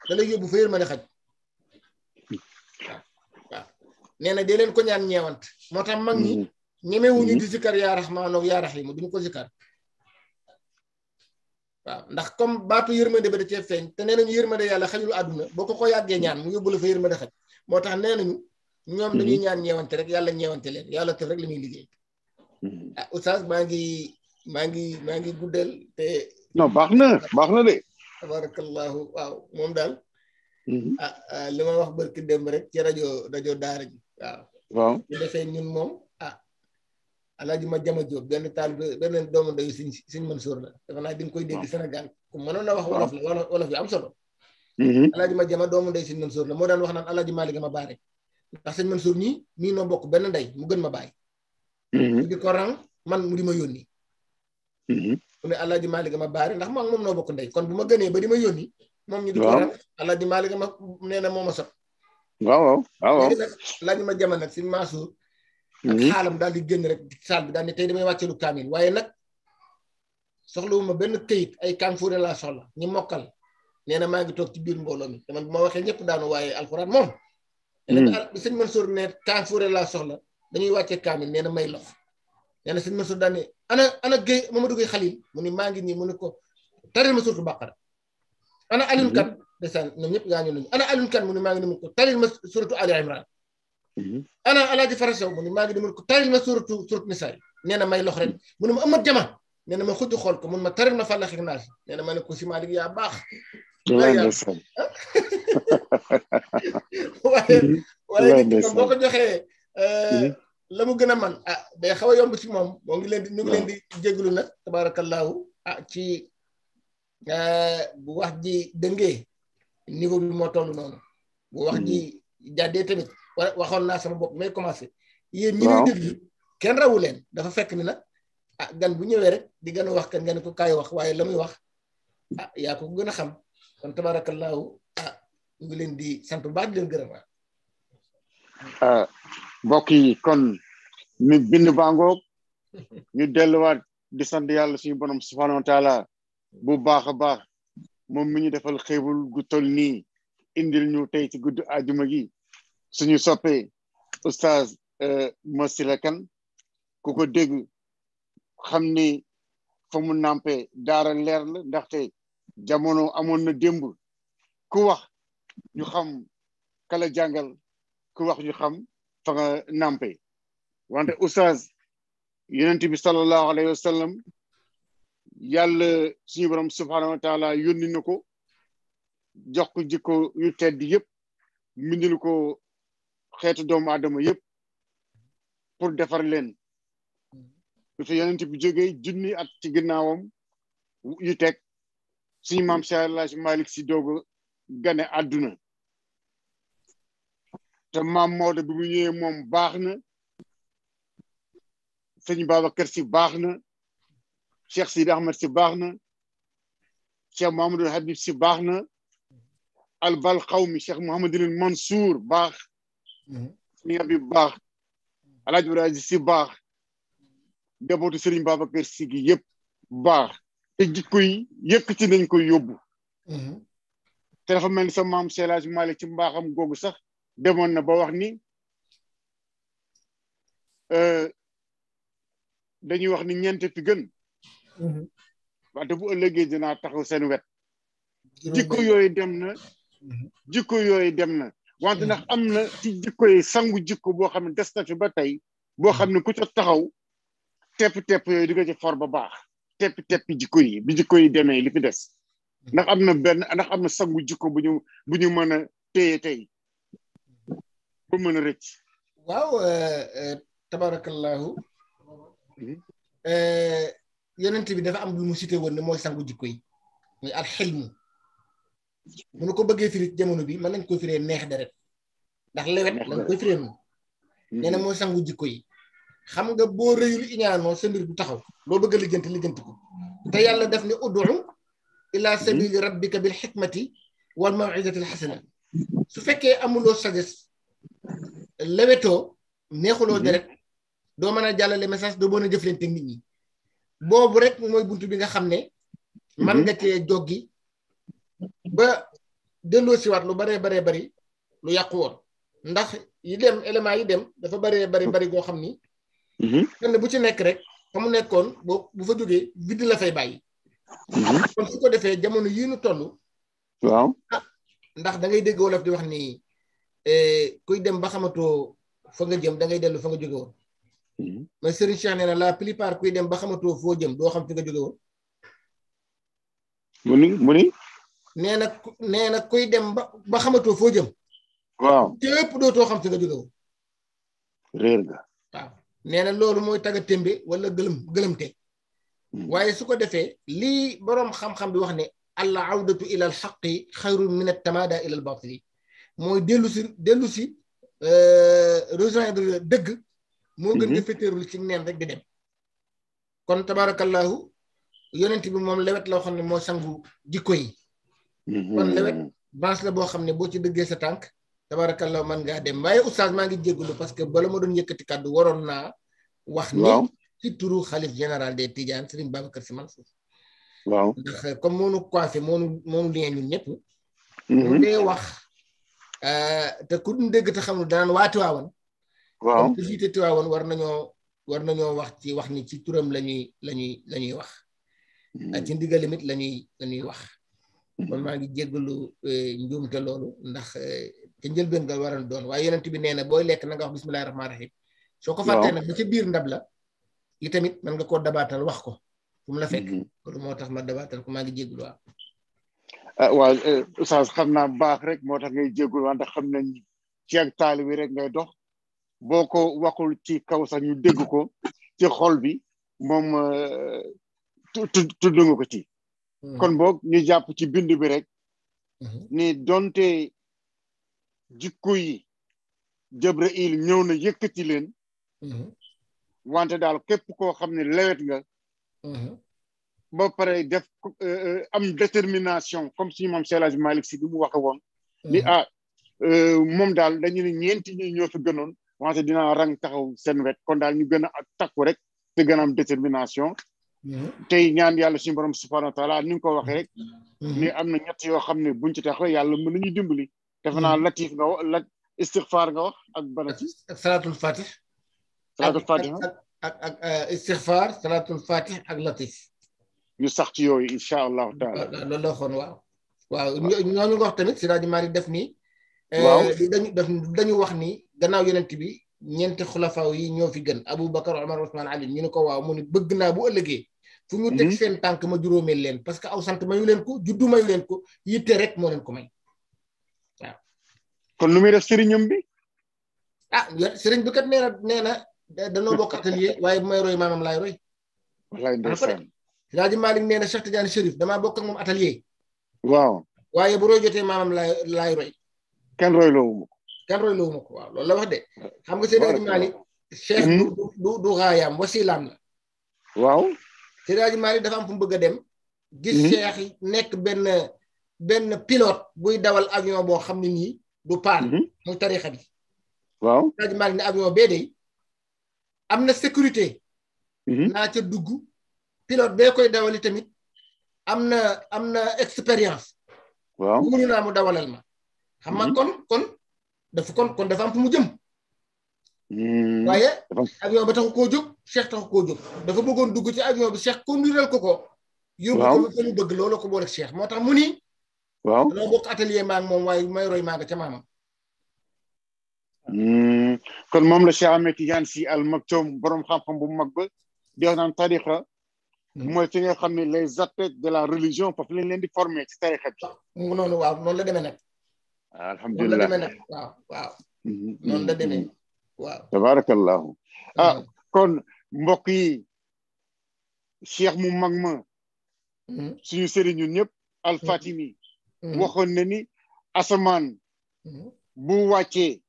da lay yobbu fa yërmande xaj waaw waaw nee na ko ñaan mag ñemewuñu hmm. di zikkar yaa raxmaan ak yaa raxiimu duñ ko zikkar waaw ndax comme baatu yërmande ba da cee feeñ te nee nañu yërmande yàlla xajul àdduna boo ko ko yàggee ñaan mu yóbbu la fa yërmande xaj moo tax nee nañu ñoom dañuy hmm. ñaan ñeewante rek yàlla ñeewante leen yàlla la ñuy liggéey hmm. ah oustaz maa ngi maa ngi maa ngi guddal te non baax na baax na de tabarakallahu moom daal ah, ah li wax barki démb rek ci rajo rajo daara waaw waaw bu defee ñun moom alaaji ma jama jóob ben taalibe benn doomu ndeyu seigne seigne Mansour la dafa naa di koy deg senegal ku mënoon na wax wolof la wolof yu am solo mhm. alaaji ma jama doomu ndeyu seigne Mansour la mo dan wax nan alaaji malik ma baare ndax seigne Mansour ni mi no bok ben ndey mu gën ma bay hmm di ko rang man mu di ma yónni mhm. mu ne alaaji malik ma baare ndax maa mom no bok ndey kon buma gëné ba di ma yónni moom ñu di ko rang alaaji Malick ma neena moma sax waaw waaw waaw ma jama nak seigne Mansour Hmm. xalam dal di genn rek sal bi daal ne tey damay lu kamil waye nak soxluuma ben këyit ay kanfuure la soxla ñi mokal neena ma ngi tok ci bir mbolo mi dama bu ma waxe ñepp daanu waye alcorane mom hmm. bi sëñ Mansour ne kanfuure la soxla dañuy wacce kamil neena may lox neena na Mansour dal ni ana ana Guèye Mamadou gey Khalil mu ni ma ngi ni mu ni ko taril mansour surtu bàqara ana Alioune hmm. Kane desan ñoom ñëpp gaañu ana Alioune Kane mu ni ma ngi ni mu ko taril ma Ali Imran Mhm. ana alaaji fara sow mu ne maa ngi di ko taril ma suratu surat nisaa neena may lox rek mu ne jama neena ma xuddi xol ko mun ma taril ma fàllaxi naas neena na ma ne ko si Malick ya bax waaye waaye mhm. boo ko joxee euh, mhm. la man ah day xawa yomb ci mom moo ngi len di ñu ngi len di jéglu nag tabarakallah ah ci euh, bu wax di dëngee niveau bi mo tollu non bu wax di jàddee tamit waxon na sama bop may commencé. yéen ñi ñuy déglu kenn rawu leen dafa fekk ni la ah gan bu ñëwé rek di gëna wax kan nga ko kay wax waye lamuy wax ah ko gëna xam kon tabarakallah ah, ngi leen di sant bu baax di leen gërëm ah. mbokk yi kon ñu bind bango ñu waat di sant yàlla suñu borom subhanahu wa taala bu baax a baax moom mi ñu defal xéewul gu tol nii indil ñu tey ci gudd àjjuma gi suñu soppee oustaz euh, Massyla Kane ku ko dégg xam ni fa mu nampe daara leer la ndaxte jamono amoon na démb ku wax ñu xam kala jàngal ku wax ñu xam fa nga nampe wante oustaz yonent bi sallallahu alayhi wa sallam yàlla suñu borom subhaanahu wa taala na ko jox ko yu tedd yëpp mbindil xeetu doomu aadama yëpp pour defar leen bi fi yonent bi jege junni at ci ginnaawam yu teg suñu maam Seex Alaaji Malick si doog gane àdduna te maam Maodo bi mu ñëwee moom baax na sëñ Babacar si baax na Cheikh Sidi Ahmed si baax na Cheikh Mouhamadul Habib si baax na albal xawmi Cheikh Mouhamadul Mansour baax sëriñ bi baax alaaj Ibrahima si baax njabootu sëriñ Babacar si gi yëpp baax te jikko yi yëkk ci nañ koy yóbbu mhm. te dafa mel ni sa maam Seydou Hadj Malick ci baaxam googu sax demoon na ba wax ni euh, dañuy wax ni ñeent fi gën mhm. wante bu ëllëgee dinaa taxaw seen wet jikko yooyu dem na mhm. jikko yooyu dem na wante ndax am na ci sangu jikko boo xam ne des na fi ba tey boo xam ne ku ca taxaw tepp-tepp yooyu di nga ci for ba baax tep tepp jikko yi bi jikko yi demee li fi des ndax am na benn ndax am na sangu jikko bu ñu bu ñu mën a téye tey ba mën a rëcc waaw eh, eh, tabarakallahu hmm. eh, yonent bi dafa am lu mu cité woon ne mooy sangu jikko yi muy alxilmu mu nu ko bëggee firi jamono bi man nañ ko firee neex deret ndax lewet lañ koy firee moom mm-hmm. nee na mooy sangu jikko yi xam nga boo rëyul iñaanoo sa mbir du taxaw loo bëgg a lijjanti lijjanti ko te yàlla def ne uddu ila mm-hmm. sabili rabbika bil xikmati wal mawidati al xasana su fekkee amuloo sagesse lewetoo neexuloo mm-hmm. deret doo mën a jàllale message doo mën a jëflante nit ñi boobu rek mooy buntu bi nga xam ne man nga cee joggi ba delloo siwaat lu baree baree bari lu yàqu woon ndax yi dem éléments yi dem dafa baree bari bari goo xam ni. Mhm. ne bu ci nekk rek fa mu nekkoon boo bu fa jógee vide la fay bàyyi. Mhm. kon su ko defee jamono yii nu toll. waaw ah, ndax da ngay dégg wolof di wax ni eh, kuy dem ba xamatoo fa nga jëm da ngay dellu fa nga jóge woon. Mhm. ma Serigne Cheikh nee na la plupart kuy dem ba xamatoo foo jëm doo xam fi nga jóge woon. mu ni mu ni. nee na nee na kuy dem ba ba xamatoo foo jëm. waaw lépp dootoo xam fi nga jóge woon. réer nga. waaw nee na loolu mooy tagga témbe wala gëlëm gëlëmte. Hmm. waaye su ko defee lii boroom xam-xam bi wax ne. al awdatu ila al xaqi xayrun min at tamada ila al batili mooy dellu si dellu si euh, rejoindre dëgg. moo gën nga hmm. féeteerul ci neen rek di dem. kon tabaarakallahu yonent bi moom lewet la waxoon ne moo sangu jikko yi. Mhm. kon lewet la boo xam ne boo ci dëggee sa tànk tabarakallah man ngaa dem waaye oustaz maa ngi jégalu parce que bala ma doon yëkkati kàddu waroon naa wax ni ci turu xalif général de Tidianes Serigne Babacar Sy Mansour waaw ndax comme moonu coiffé moonu moonu lien mhm. euh, te ku ñu xamul danaan waa Tiwaawan waaw te jiite war nañoo war nañoo wax ci wax ni ci turam lañuy lañuy la ñuy wax mhm. ci ndigalimit lañuy la ñuy wax kon maa ngi jéggalu eh, njuumte loolu ndax eh, te njëlbeen nga waral doon waaye yonent bi nee na booy lekk na nga wax bismillahi rahmaani rahim soo ko fàttee nag ba ca biir ndab la i tamit mën nga koo dabaatal wax ko fu mu la fekk mm-hmm. moo tax ma dabaatal ko maa ngi jéggalu waa ah, eh, xam naa baax rek moo tax ngay jéggul ndax xam nañ ci ak taalibi rek ngay dox boo ko waxul ci kaw sax ñu dégg ko ci xool bi moom tudd nga ko ci Hmm. kon boog ñu jàpp ci bind bi rek hmm. ni donte jikko yi Jabrail ñëw na yëkkati leen hmm. wante daal képp koo xam ne lewet nga ba pare def euh, euh, am détermination comme si moom Seylaaj Malick si bi mu waxe woon ni ah euh, moom daal dañu ne ñeenti ñu ñoo fi gënoon wante dinaa rang taxaw seen wet kon daal ñu gën a takku rek te gën am détermination tey ñaan yàlla suñu borom subhanahu wa taala ni ko waxee rek. Mm-hmm. ni am na ñett yoo xam ne buñ ci taxawee yàlla mën ñu dimbali. defe naa mm-hmm. latif nga wax lat istixfaar nga wax ak banati. ak salaatul fatih. salaatul fatih ak ak ak istixfaar salaatul fatih ak latif. ñu sax ci yooyu incha allahu taala. loolu la waxoon waaw. waaw ñooñu nga wax tamit si rajo Mari def nii. waaw eh, dañu dañu wax ni gannaaw yonent bi. ñeenti xulafaaw yi ñoo fi gën Abu Bakar Omar Ousmane Ali ñu ne ko waaw mu ne bëgg naa bu ëllëgee. fu ñu teg mhm. seen tànk ma juróomeel leen parce que aw sant mayu leen ko juddu mayu leen ko yitte rek moo leen ko may waaw. kon lu muy def sëriñam bi. ah sëriñ bi kat nee na nee na danoo bokk atelier waaye bu may roy maamam laay roy. wallaay ndeysaan. Rajo Malick nee na Cheikh Tidiane Chérif damaa bokk ak moom atelier. waaw waaye bu roy jotee maamam laay laay kenn royloowu ma kenn roy ko waaw loolu la wax de xam nga Seydi Hadji Malick cheikh hmm? du du du dafa am fu mu bëgg a dem gis hmm? cheikh nekk benn benn pilote buy dawal avion boo xam ne nii du paan hmm? mu tarixa bi waaw Seydi Hadji Malick ne avion bee day am na sécurité naa ca dugg pilote bee koy dawali tamit am na am na expérience waaw wóolu naa mu dawalal ma xam nga kon kon dafa kon kon dafa am fu mu jëm. Hmm. waaye avion ba taxu koo jóg Cheikh taxu koo jóg dafa bëggoon dugg ci avion bi Cheikh conduiral ko ko. yóbbu ko fa mu bëgg loolu ko booleeg Cheikh moo tax mu ni. waaw dama bokk atelier maa ngi moom may roy maa nga hmm. kon moom la Cheikh Ahmed Tidiane fi Al Maktoum borom xam-xam bu mag ba di wax naan tarixa hmm. mooy fi xam ne les athlètes de la religion foofu lañ leen di former ci tarixa bi. noonu waaw noonu la demee nag. alhamdulillah wow, wow, non la demé wow tabarakallahu ah kon mbokk yi cheikh mu mag ma ñun al fatimi waxon na ni asman bu ni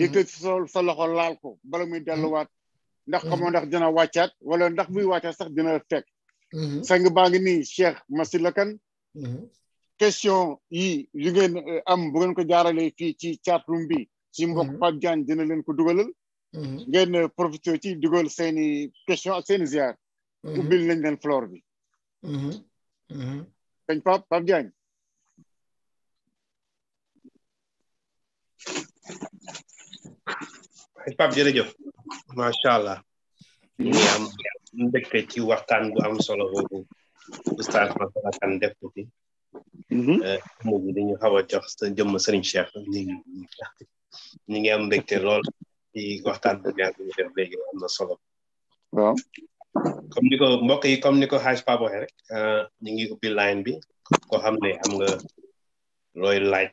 yëkkat sol sa loxo lal ko bala muy wat ndax xamoo ndax dina waccat wala ndax muy waccat sax dina sang baa ngi cheikh masilakan question yi yu ngeen eh, am bu ngeen ko jaarale fii ci chatroom bi ci mbokk mhm. Pape Diagne dina leen ko dugalal mhm. ngeen eh, profité ci dugal seeni question ak seeni ziar mhm. ubbil nañ leen floor bi dañ Pape Pape Diagne Pape jërëjëf macha allah ñu ngi am ci waxtaan bu am solo boobu oustaz Massokhna Kane def ko léegi mm-hmm. euh, dañu xaw a jox sa jëmm Serigne Cheikh ñu ngi ñu am mbégte lool ci waxtaan bu ñaar solo. waaw. comme ni ko mbokk yi comme ni ko Hadj Pape waxee rek euh, ñu ngi ubbi line bi ko xam ne am nga looy laaj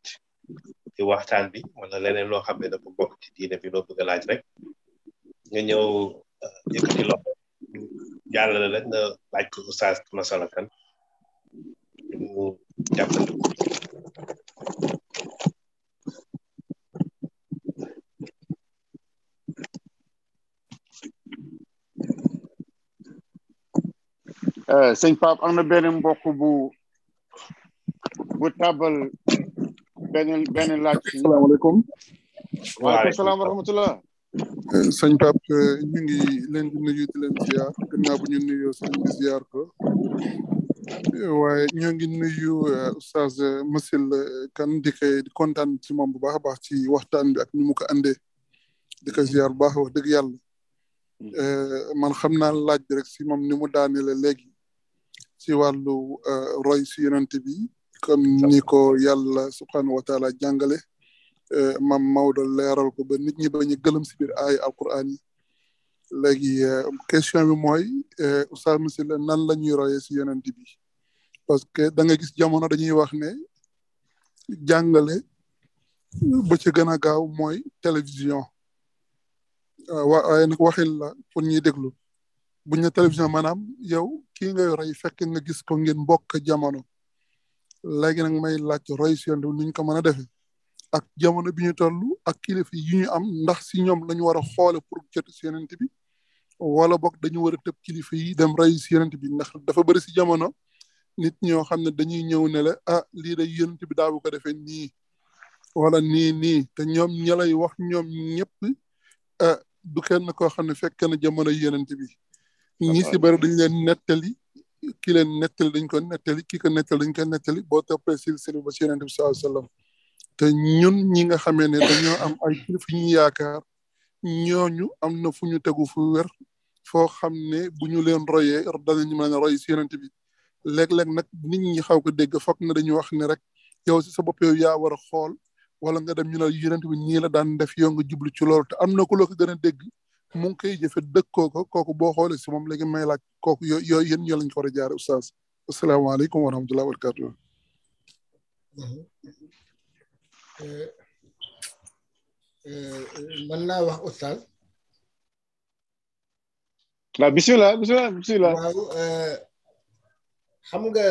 ci waxtaan bi wala leneen loo xam ne dafa bokk ci bëgg laaj rek nga ñëw euh, yëkkati loxo jàllale rek nga laaj ko oustaz masala kan. yang eh, mendukung. Uh, sëñ Pape am na benn bu bu tabal benn benn laaj. asalaamaaleykum. waaleykum salaam wa rahmatulah. Eh, sëñ Pape eh, ñu ngi leen di nuyu di leen ziar bu ñu ziar ko. waaye ñoo ngi nuyu euh, oustaz euh, Massil euh, Kane di koy di kontaan ci moom bu baax a baax ci waxtaan bi ak ni mu ko andee di ko ziar bu baax wax dëgg yàlla. man xam naa laaj bi rek si moom ni mu daanele léegi ci wàllu roy si yonent bi comme ni ko yàlla subhaanahu wa taala jàngale. maam Maodo leeral ko ba nit ñi ba ñu gëlëm si biir ay alquran yi. léegi euh, question bi mooy e euh, Massyla nan la ñuy royee si yonent bi parce que da nga gis jamono dañuy wax ne jàngale ba ca gën a gaaw mooy télévision euh, wa waaye nag waxil la pour ñuy déglu buñ ne télévision maanaam yow ki ngay roy fekk nga gis ko ngeen mbokk jamono léegi nag may laaj roy si yonent bi nuñ ko mën a defee ak jamono bi ñu toll ak kilifa yi ñu am ndax si ñoom lañu war a xoole pour jot si yonent bi wala boog dañu war a tëb kilifa yi dem rey si yonent bi ndax dafa bari si jamono nit ñoo xam ne dañuy ñëw ne la ah lii day yonent bi daa bu ko defee nii wala nii nii te ñoom ña lay wax ñoom ñëpp ah, du kenn koo xam ne fekk na jamono yonent bi ñi si bëri dañ leen nettali ki leen nettali dañ ko nettali ki ko nettali dañ ko nettali boo toppee silsila ba si yonent bi sallallahu alayhi wa te ñun ñi nga xamee ne am ay kilifa ñu yaakaar ñooñu am na fu ñu tegu fu wér foo xam ne bu ñu leen royee danañu mën a roy si yonent bi léeg-léeg nag nit ñi xaw ko dégg foog na dañuy wax ne rek yow si sa bopp yow yaa war a xool wala nga dem ñu ne yonent bi nii la daan def yow nga jublu ci loolu te am na ku la ko gën a dégg mu ngi koy jëfe dëkkoo ko kooku boo xoolee si moom léegi may laaj kooku yo yooyu yéen ñoo lañ ko war a jaare oustaz asalaamaaleykum wa rahmatulah wa Eh, eh, mën naa wax oustaz. waaw bisimilah bisimilah bisimilah. waaw eh, xam nga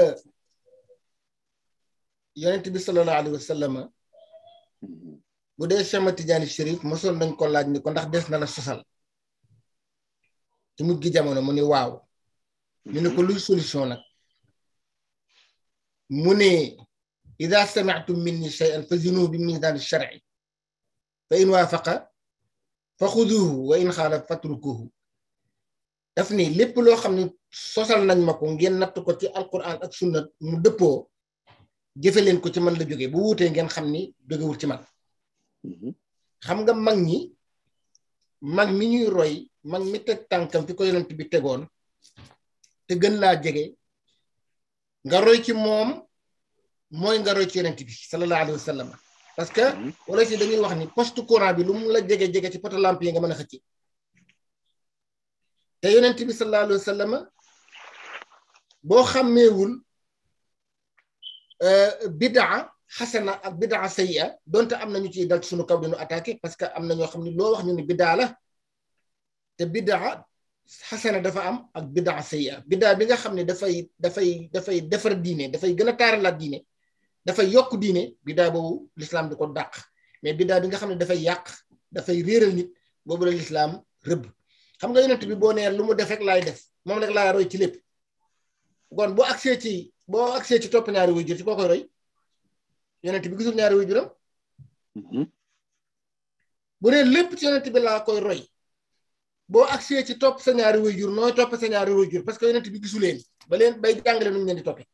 yonent bi sallallahu alayhi wa sallam bu dee Cheikh Tidiane Chérif mosoon nañ ko laaj ni ko ndax des na la sosal ci gi jamono mu ni waaw. ñu ne ko solution nag mu ida samictum minni shay'an fazinuhu bi miisaan sharci fa in waafaqa fa xuduuhu wa in xaalaf fatrukuhu daf ni lépp loo xam ne sosal nañ ma ko ngeen natt ko ci alquran ak sunna mu dëppoo jëfe leen ko ci man la jóge bu wuutee ngeen xam ni jógewul ci man xam nga mag ñi mag mi ñuy roy mag mi teg tànkam fi ko yonent bi tegoon te gën laa jege nga roy ci moom mooy nga roy ci yonent bi sallallahu alayhi wa sallam parce que wala mhm. si dañuy wax ni poste courant bi lu mu la jege jege ci poto lampe yi nga mën a xëcc te yonent bi sallallahu alayhi wa sallam boo xàmmeewul euh, bidaa xasana donte am na ciy dal sunu kaw dinu parce que am na ñoo xam ne loo wax ñu ne bidaa la te bidaa xasana dafa am ak bidaa sayi'a biddaa bi nga xam ne dafay dafay dafay defar diine dafay gën a taaralaat diine dafay yokk diine biddaa boobu l'islam du ko dàq mais biddaa bi nga xam ne dafay yàq dafay réeral nit boobu la lislaam rëbb xam nga yonent bi boo nee lu mu def rek laay def moom rek laay roy ci lépp kon boo agsee ci boo agsee ci topp ñaari waajur ci koo koy roy yonent bi gisul ñaari waajuram mm-hmm. bu dee lépp ci yonent bi laa koy roy boo agsee ci topp sa ñaari waajur nooy topp sa ñaari waajur parce que yonent bi gisu leen ba leen bay jàngale nu ñu leen di toppee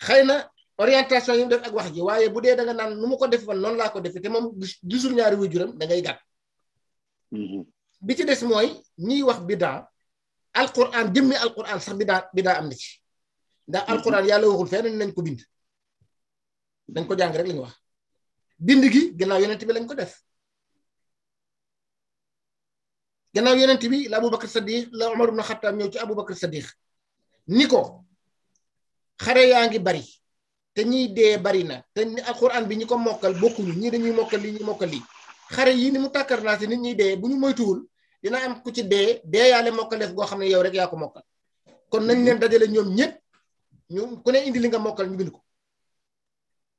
xëy na orientation yi mu def ak wax ji waaye bu dee da nga naan nu mu ko def man noonu laa ko defee te moom gisul ñaari waajuram da ngay gàtt mm-hmm. bi ci des mooy ñiy wax bidaa alquran jëmmi alquran sax bidaa bidaa am na ci ndax mm-hmm. alquran yàlla waxul feneen nañ ko bind dañ ko jàng rek lañu wax bind gi gannaaw yonent bi lañ ko def gannaaw yonent bi la abou bakar saddiq la omar ibn xattaab ñëw ci abou bakar saddiq ni ko xare yaa ngi bari te ñiy dee bari na te alxuraan bi ñi ko mokkal bokkuñu ñii dañuy mokkal lii ñuy mokkal lii xare yi ni mu tàkkar naa nit ñuy dee bu ñu moytuwul dina am ku ci dee dee yaale mokkaleef goo xam ne yow rek yaa ko mokkal kon nañ leen dajalee ñoom ñëpp ñu ku ne indi li nga mokkal ñu bind ko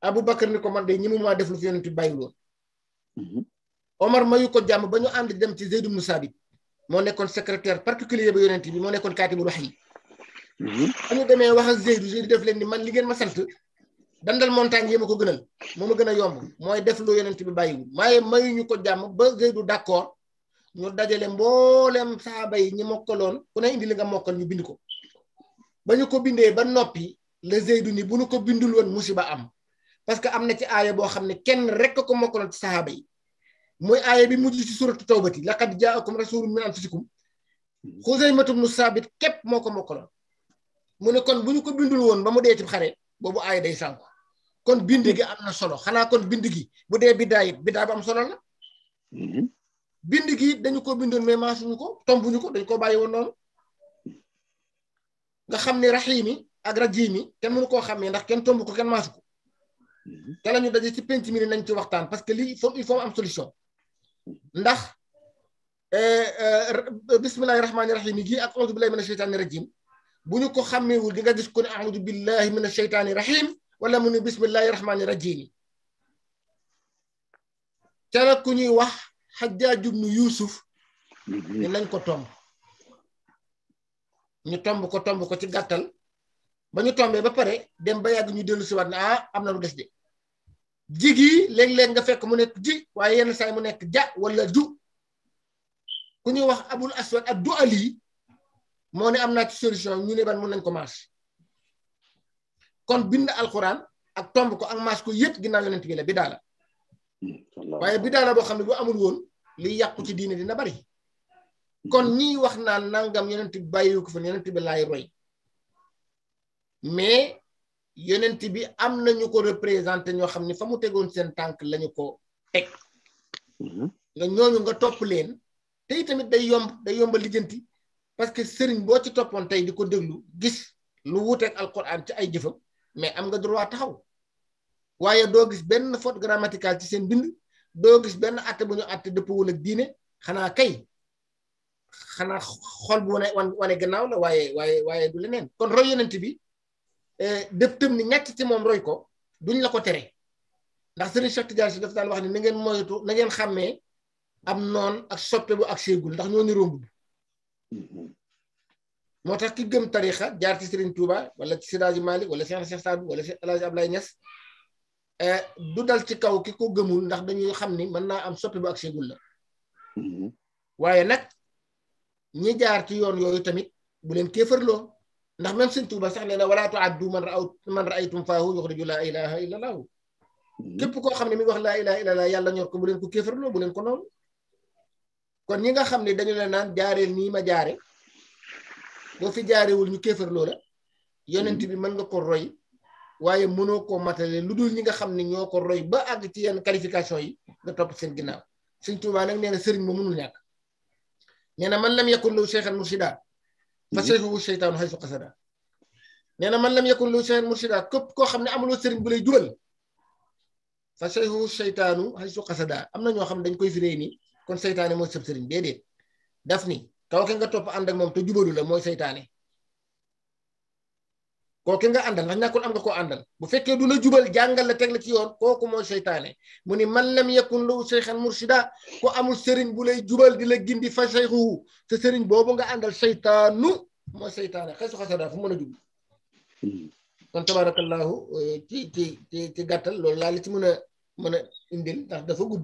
Abu Bakar ni ko man de ñi mu maa def lu fi yonent bi bàyyi woon mhm. Omar mayu ko jàmm ba ñu ànd dem ci Zeyd ibn Saabit moo nekkoon secrétaire particulier ba yonent bi moo nekkoon kaatibul wahyi Mhm. ba ñu demee wax ak Seydou Seydou def leen ni man li ngeen ma sant dandal montagne yi ma ko gënal moo ma gën a yomb mooy def lu yonent bi bàyyiwul maaye ñu ko jàmm ba Seydou d'accord ñu dajale mboolem saaba yi ñi mokkaloon ku ne indi li nga mokkal ñu bind ko ba ñu ko bindee ba noppi la Seydou ni bu ñu ko bindul woon ba am parce que am na ci aaya boo xam ne kenn rek ko mokkaloon ci saaba yi muy aaya bi mujj ci suratu tawbati laqad jaakum rasulun min anfusikum mhm. xusaymatum nu saabit képp moo ko mokkaloon mu ne kon bu ñu ko bindul woon ba mu dee ci xare boobu aay day sànko kon bind gi am na solo xanaa kon bind gi bu dee biddaa it biddaa bu am solo la mhm. bind gi dañu ko bindoon mais maasuñu ko tombuñu ko dañu ko bàyyi woon noonu ga xam ne raxiimi ak rajiimi kenn mënu koo xamee ndax kenn tomb ko kenn maasu ko mhm. te la ñu daje ci penc mi nañ ci waxtaan parce que lii il faut am solution ndax eh, eh, bismillahi rahmaani rahiim gi ak auzu billahi mina sheytaani rajim bu ñu ko xàmmeewul di nga gis ku ne aoudu billahi min asheytaani rahim wala mu ne bismillahi rahmaani rajiim te nag ku ñuy wax xajjaaj ibnu yuusuf ñu nañ ko tomb ñu tomb ko tomb ko ci gàttal ba ñu tombee ba pare dem ba yàgg ñu dellu si waat ne ah am na lu des de jigi léeg-léeg nga fekk mu nekk ji waaye yenn saay mu nekk ja wala ju ku ñuy wax abul aswad ad ali moo ne am naa ci solution ñu ne ban mun nañ ko maas kon bind alxuraan ak tomb ko ak maas ko yëpp ginnaaw yonent bi la bidaa daala waaye bi la boo xam ne boo amul woon li yàqu ci diine dina bari kon ñiy wax naan nangam yonent bi bàyyiwu ko fa yonent bi laay roy mais yonent bi am nañu ko représenté ñoo xam ne fa mu tegoon seen tànk lañu ko teg mhm. nga ñooñu nga topp leen te itamit day yomb day yomba lijjanti parce que sëriñ boo ci toppoon tey di ko déglu gis lu wuuteeg am ci ay jëfam mais am nga droit taxaw waaye doo gis benn faute grammaticale ci seen bind doo gis benn atte bu ñu atte dëppwul ak diine xanaa kay xanaa xol bu wane wane gannaaw la waaye waaye waaye du leneen kon roy yonent bi eh, def tëm ni ñett ci moom roy ko duñ la ko tere ndax sëriñ Cheikh Tidiane si daf daan wax ne na ngeen moytu na xàmmee am noon ak soppe bu ak séegul ndax ñoo ni Mm-hmm. moo tax ki gëm tarixa jaar ci Serigne Touba wala ci Sidaaji Malik wala Cheikh Cheikh Sadou wala Cheikh El Hadj eh, du dal ci kaw ki ko gëmul ndax dañuy xam ni mën naa am soppi bu ak seegul la mm-hmm. waaye nag ñi jaar ci yoon yooyu tamit bu leen kéefarloo ndax même Serigne Touba sax nee na wala tuaddu man man raaytum faahu yuxriju laa ilaha illa allahu mm-hmm. képp koo xam ne wax laa ilaha illa yàlla ñor ko bu leen ko kéefarloo bu leen ko noonu kon ñi nga xam ne dañu la naan jaareel nii ma jaare boo fi jaarewul ñu kéefar loola yonent bi mën nga ko roy waaye mënoo koo matale lu dul ñi nga xam ne ñoo ko roy ba àgg ci yenn qualification yi nga topp seen ginnaaw Sëñ Tuubaa nag nee na sëriñ moo mënul ñàkk nee na man lam yakun lu cheikhan murshida fa cheikhu mhm. cheytaanu xaysu xasada nee na man lam yakun lu cheikhan murshida képp koo xam ne amuloo sëriñ bu lay jubal fa cheikhu cheytaanu xaysu xasada am na ñoo xam ne dañ koy firee nii kon seytaane mooy sab sëriñ déedéet daf ni kaw ke nga topp ànd moom te jubalu la mooy seytaane kooke nga àndal ndax ñàkkul am nga ko àndal bu fekkee du la jubal jàngal la teg la ci yoon koo kooku mooy seytaane mu ni man lam yakun lahu seyxan mursida ku amul sëriñ bu lay jubal di la gindi fa seyxuhu te sëriñ boobu nga àndal seytaanu mooy seytaane xesu xasada fu mën a jub hmm. kon tabarakallahu eh, ci ci ci ci gàttal loolu laa la ci mën a mën a indil ndax dafa gudd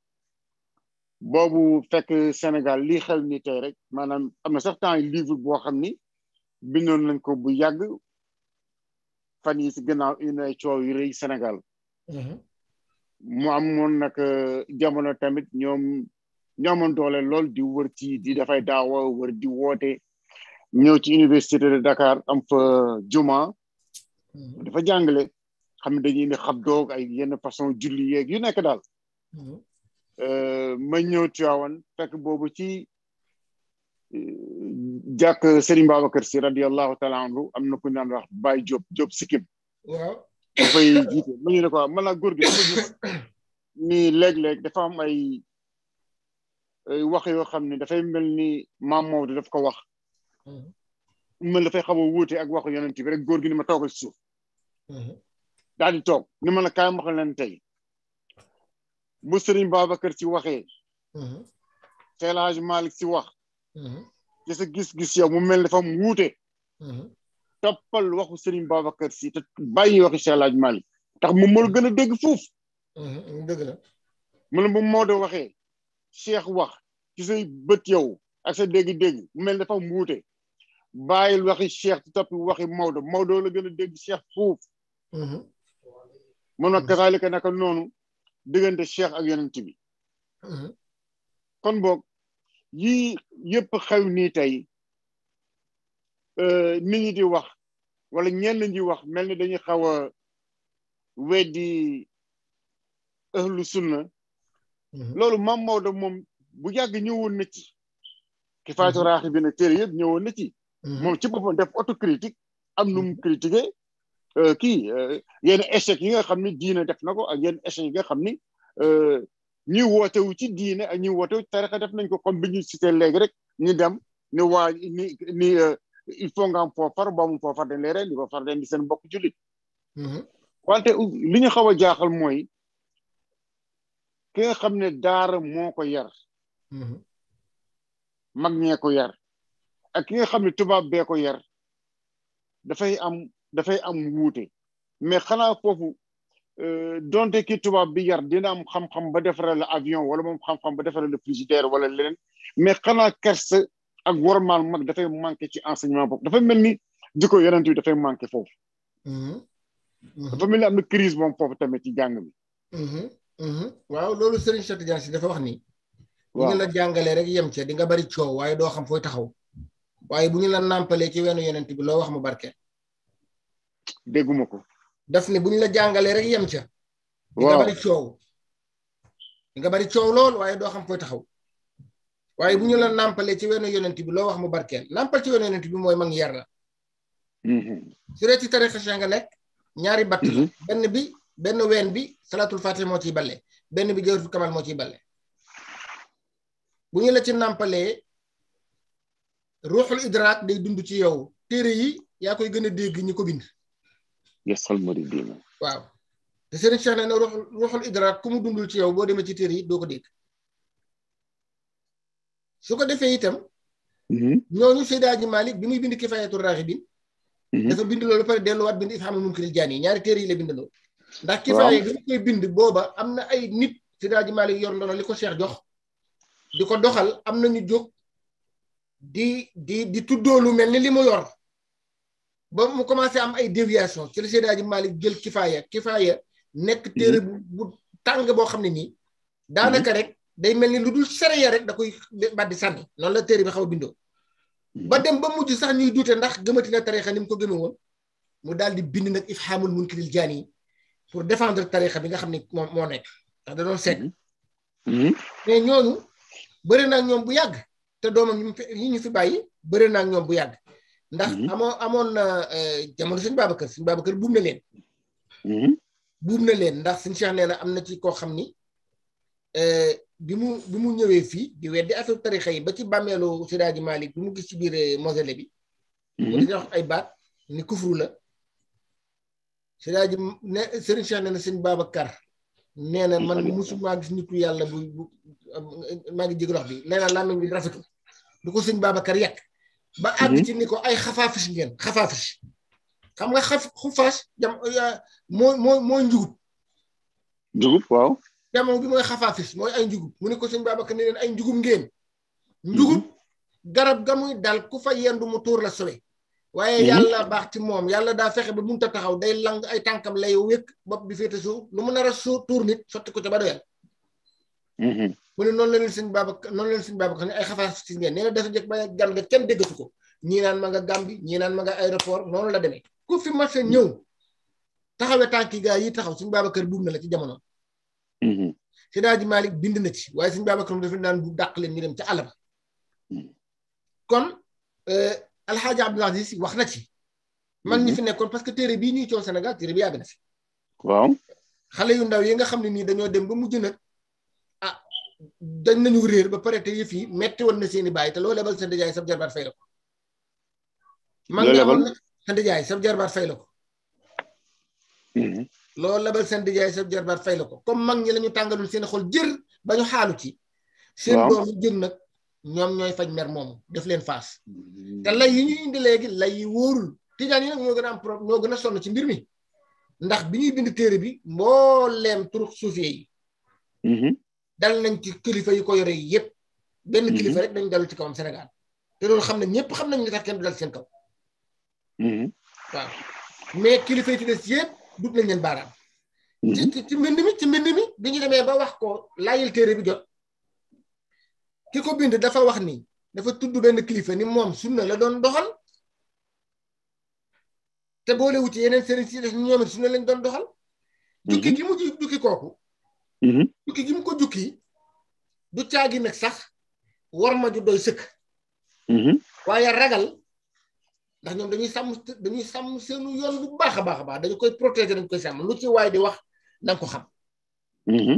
boobu fekk Sénégal lii xel ni rek maanaam am na sax temps yi livre boo xam ni bindoon nañ ko bu yàgg fan yi si gannaaw une ay coow yu rëy Sénégal mhm. mu am moon nag euh, jamono tamit ñoom ñoomoon doole lool di wër ci di dafay daawa wër di woote ñëw ci université de Dakar am fa juma mhm. dafa jàngale xam ne dañuy indi xab doog ay yenn façon julli yeeg yu daal mhm. ma ñëw Tiwaawan fekk boobu ci jàkk Serigne Babacar si radiallahu taala anhu am na ku ñu daan wax Baye Diop Diop Sikkim. waaw dafay jiite ma ñu ne ko man laa góor gi dama gis ni léeg-léeg dafa am ay wax yoo xam ne dafay mel ni maam Maodo daf ko wax. man dafay xaw a wuute ak waxu yonent bi rek góor gi ni ma toogal si suuf. daal di toog ni ma la kaay ma xam leen tey. bu sëriñ kër si waxee xelaaj mhm. Malick si wax mhm. ci sa gis-gis yow mu mel ne mu wuute mhm. toppal waxu sëriñ Babacar si te bàyyi waxi xelaaj Malick tax mu moo gën a dégg fuuf dëgg la mu ne waxee Cheikh wax ci bët yow ak sa dégg-dégg mel dafa wuute bàyyil waxi Cheikh ci toppi waxi Maodo Maodo la gën a dégg Cheikh fuuf mun na kasaalika naka noonu diggante cheikh ak yonent bi uh-huh. kon boog yi yëpp xew nii tey uh, nit ñi di wax wala ñenn ñi wax mel ni dañuy xaw a weddi ahlu sunna uh-huh. loolu Maam Maodo moom bu yàgg ñëwoon na ci kifaayatu uh-huh. raaxi bi ne téere yëpp ñëwoon na moom ci boppam def autocritique am nu mu critiqué Euh, kii euh, yenn échec yi nga xam ni diine def na ko ak yenn échec yi nga xam ni euh, ñi wootewu ci diine ak ñi wootewu ci def nañ ko comme bi ñu cité léegi rek ñu dem ni waa ni ni il faut nga am foofar boo amul foofar dañ far dañ di seen bokk jullit mm-hmm. wante li ñu xaw a jaaxal mooy ki xam ne daara moo ko yar mm-hmm. mag ñee yar ak ki nga xam ne tubaab beeko ko yar dafay am dafay am wuute mais xanaa foofu euh, donte ki tubaab bi yar dina am xam-xam ba defaree la avion wala moom xam-xam ba defaree la frigidaire wala leneen mais xanaa kersa ak warmaal mag dafay manqué ci enseignement boobu dafa mel ni jikko yonent bi dafay manqué foofu. Mm-hmm. Mm-hmm. dafa mel ni am na crise moom foofu tamit ci jàng bi. Mm-hmm. waaw loolu Serigne Cheikh Tidiane Sy dafa wax ni. waaw bu la jàngalee rek yem ca di nga bari coow waaye doo xam fooy taxaw. waaye bu ñu la nàmpalee ci weenu yonent bi loo wax mu barke. dégguma ko. daf ne bu ñu la jàngalee rek yem ca. waaw nga bari coow. di lool waaye doo xam koy taxaw. waaye bu ñu la nàmpalee ci wenn yonent bi loo wax mu barkeel nàmpal ci wenn yonent bi mooy mag yar la. Mhm. su dee ci tarixa nga nekk ñaari batt mhm. benn bi benn ween bi salaatul fatih moo ci bale benn bi jawharatul kamal moo ciy bale bu ñu la ci nàmpalee ruuxul idraak day dund ci yow téere yi yaa koy gën a dégg ñi ko bind yasal waaw te sëriñ Cheikh nee na ruuxul idraat ku mu dundul ci yow boo demee ci téere yi doo ko dégg su ko defee itam mhm. ñooñu Seydi Hadji Malick bi muy bind Kifaayatul Raaxibiin mhm. dafa bind loolu pare delluwaat bind Ifhaamul Munkiril jaan yi ñaari téere yi la bind loolu ndax kifaaya bi mu koy bind booba am na ay nit Seydi Hadji Malick yor ndono li ko Cheikh jox di ko doxal am na ñu jóg di di di tuddoo lu mel ni li mu yor ba mu commencé am ay déviation ci la Seydi Hadji Malick jël kifaaya kifaaya nekk téere bu bu tàng boo xam ne nii daanaka rek day mel ni lu dul sariya rek da koy baddi sànni noonu la téere bi xaw a ba dem ba mujj sax ñuy duute ndax gëmati na tarixa mu ko gëme woon mu daal di bind nag ifhaamul munkiril jaani yi pour défendre tarixa bi nga xam ne moom moo nekk ndax da mm-hmm. mais ñooñu bëri naa ñoom bu yàgg te doomam yi ñu fi bàyyi bëri naa ñoom bu yàgg ndax hmm. amoo amoon na eh, jamono sëñ Babacar sëñ Babacar buum na leen hmm. buum na leen ndax sëñ Cheikh na am na ci koo xam ni eh, bi mu bi mu ñëwee fii di weddi atal tarixa yi ba ci bàmmeelu Sidaaji Malick bi mu gis ci biir eh, mosele bi hmm. mu dañuy ay baat ni kufru la Sidaaji ne sëriñ Cheikh nee na sëñ Babacar nee na man musuma gis nitu yàlla bu maa ngi jégalu wax bi nee na làmmiñ bi rafetul du ko sëñ Babacar yàq ba àgg mhm. ci ni ko ay xafaafis ngeen xafaafis xam nga xaf xufaas jam mooy mooy njugub njugub waaw jamono bi mooy xafaafis mooy ay njugub mu ne ko sëñ Babacar ne leen ay njugub ngeen mhm. njugub garab ga muy dal ku fa yendu mu tuur la sowe waaye mhm. yàlla baax ci moom yàlla daa fexe ba munta taxaw day lang ay tànkam lay wékk bopp bi féete suuf lu mu nar a suuf tuur nit sotti ko ca ba doyal Mm-hmm. mu ne noonu la leen sëñ Babacar noonu la leen sëñ Babacar ne ay xafaas ci ngeen nee na dafa njëkk ba ko ñii naan ma nga Gàmbi ñii naan ma nga aéroport noonu la demee ku fi mas a ñëw taxawee tànki gaa yi taxaw sëñ Babacar buub na la ci jamono. si daa ji bind na ci waaye sëñ Babacar mu naan bu dàq leen ñu dem ca àll ba mm-hmm. kon euh, Alxaaji Abdul Aziz wax na ci man ñi mm-hmm. fi nekkoon parce que téere bii ñuy coow Sénégal téere bi yàgg na fi waaw xale yu ndaw yi nga xam ne nii dañoo dem ba mujj nag dañ nañu réer ba pare te yëf yi metti woon na seen bàyyi te loo lebal sa ndijaay sab jarbaat fay la ko. man nga lebal sa ndijaay sab la ko. Mm-hmm. loo lebal seen ndijaay sab jarbaat fay la ko comme mag ñi lañu ñu tàngalul seen xol jër ba ñu xaalu ci. seen doom yi nag ñoom ñooy faj mer moomu def leen faas. te lay yi ñuy indi léegi lay yi wóorul tijaan yi nag ñoo gën a am pro ñoo gën a sonn ci mbir mi ndax bi ñuy bind téere bi mbooleem turux suufee yi. Mm-hmm. dal nañ ci kilifa yi ko yore yi yëpp. benn mhm. kilifa rek dañ dalu ci kawam Sénégal te loolu xam na ñëpp xam nañ li tax kenn du dal seen kaw. Mhm. waaw mais kilifa yi ci des yëpp dut nañ leen baaraam. Mhm. ci ci mbind mi ci mbind mi bi ñu demee ba wax ko laayil téere bi jot. ki ko bind dafa wax ni dafa tudd benn kilifa ni moom sunna la doon doxal. te boole wu ci yeneen sëriñ si ñoom it sunna lañ doon doxal. jukki ki mujj jukki kooku. Mhm. Juki gi mu ko jukki du caagi nag sax war ma ju doy sëkk mhm. waaye ragal ndax ñoom dañuy sàmm dañuy sàmm seenu yoon bu baax a baax a baax dañu koy protéger dañ koy sàmm lu ci waay di wax na ko xam mhm.